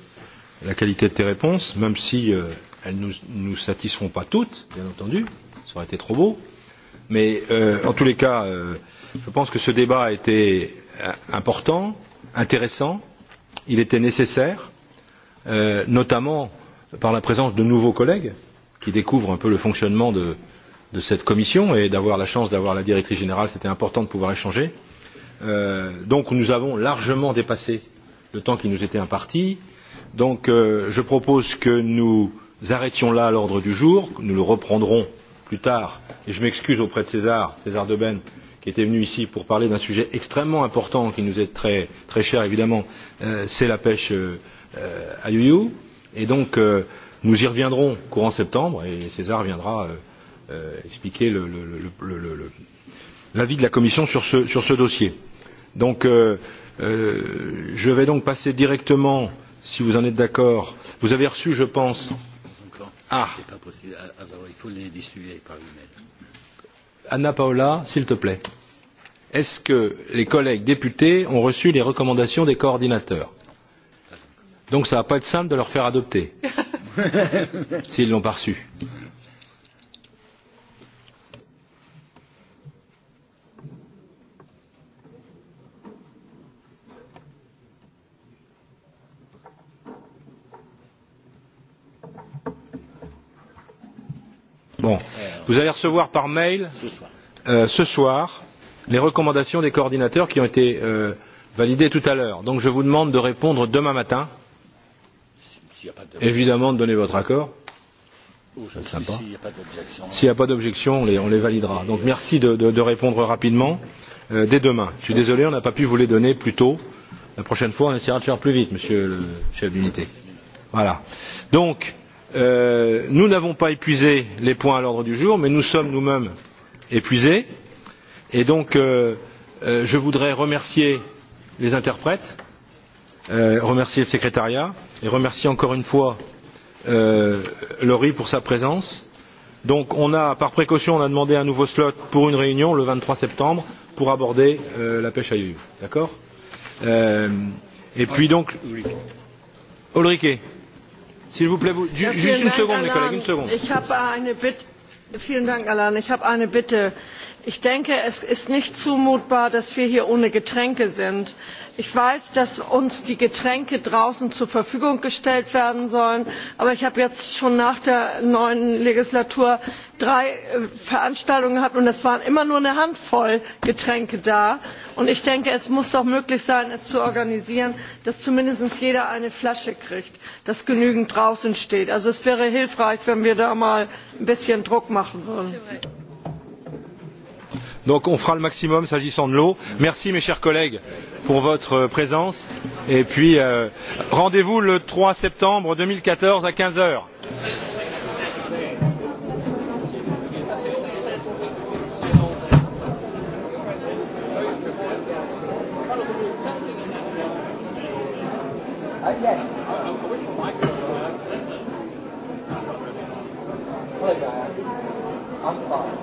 la qualité de tes réponses, même si euh, elles ne nous, nous satisfont pas toutes, bien entendu, ça aurait été trop beau. Mais euh, en tous les cas, euh, je pense que ce débat a été euh, important, intéressant, il était nécessaire, euh, notamment par la présence de nouveaux collègues qui découvre un peu le fonctionnement de, de cette commission et d'avoir la chance d'avoir la directrice générale, c'était important de pouvoir échanger. Euh, donc nous avons largement dépassé le temps qui nous était imparti. Donc euh, je propose que nous arrêtions là l'ordre du jour, nous le reprendrons plus tard. Et je m'excuse auprès de César, César Deben, qui était venu ici pour parler d'un sujet extrêmement important qui nous est très, très cher évidemment, euh, c'est la pêche euh, euh à Yuyu. Et donc euh, Nous y reviendrons courant septembre et César viendra euh, euh expliquer l'avis le, le, le, le, le, de la Commission sur ce, sur ce dossier. Donc, euh, euh, je vais donc passer directement, si vous en êtes d'accord, vous avez reçu, je pense. Ah. ah. Pas possible. Alors, ah, ah, il faut les distribuer par email. Anna Paola, s'il te plaît. Est-ce que les collègues députés ont reçu les recommandations des coordinateurs Donc, ça ne va pas être simple de leur faire adopter. S'ils l'ont pas reçu. Bon. Vous allez recevoir par mail ce soir, euh, ce soir les recommandations des coordinateurs qui ont été euh, validées tout à l'heure. Donc je vous demande de répondre demain matin évidemment de donner votre accord. Sympa. S'il n'y a pas d'objection, on les, on les validera. Donc merci de, de, de répondre rapidement euh, dès demain. Je suis désolé, on n'a pas pu vous les donner plus tôt. La prochaine fois, on essaiera de faire plus vite, monsieur le chef d'unité. Voilà. Donc, euh, nous n'avons pas épuisé les points à l'ordre du jour, mais nous sommes nous-mêmes épuisés. Et donc, euh, euh, je voudrais remercier les interprètes Euh, remercier le secrétariat et remercier encore une fois euh, Laurie pour sa présence. Donc on a, par précaution, on a demandé un nouveau slot pour une réunion le 23 septembre pour aborder euh, la pêche à yoyo. D'accord euh, Et puis donc, Ulrike, s'il vous plaît, vous, ju juste une seconde, mes collègues, une seconde. Ich habe eine Bitte, vielen Dank, Alan. Ich habe eine Bitte ich denke es ist nicht zumutbar dass wir hier ohne getränke sind. ich weiß dass uns die getränke draußen zur verfügung gestellt werden sollen aber ich habe jetzt schon nach der neuen legislatur drei äh, veranstaltungen gehabt und es waren immer nur eine handvoll getränke da. ich denke es muss doch möglich sein es zu organisieren dass zumindest jeder eine flasche kriegt dass genügend draußen steht. also es wäre hilfreich wenn wir da mal ein bisschen druck machen würden. Donc on fera le maximum s'agissant de l'eau. Merci mes chers collègues pour votre présence. Et puis euh, rendez-vous le 3 septembre 2014 à 15 h I'm fine.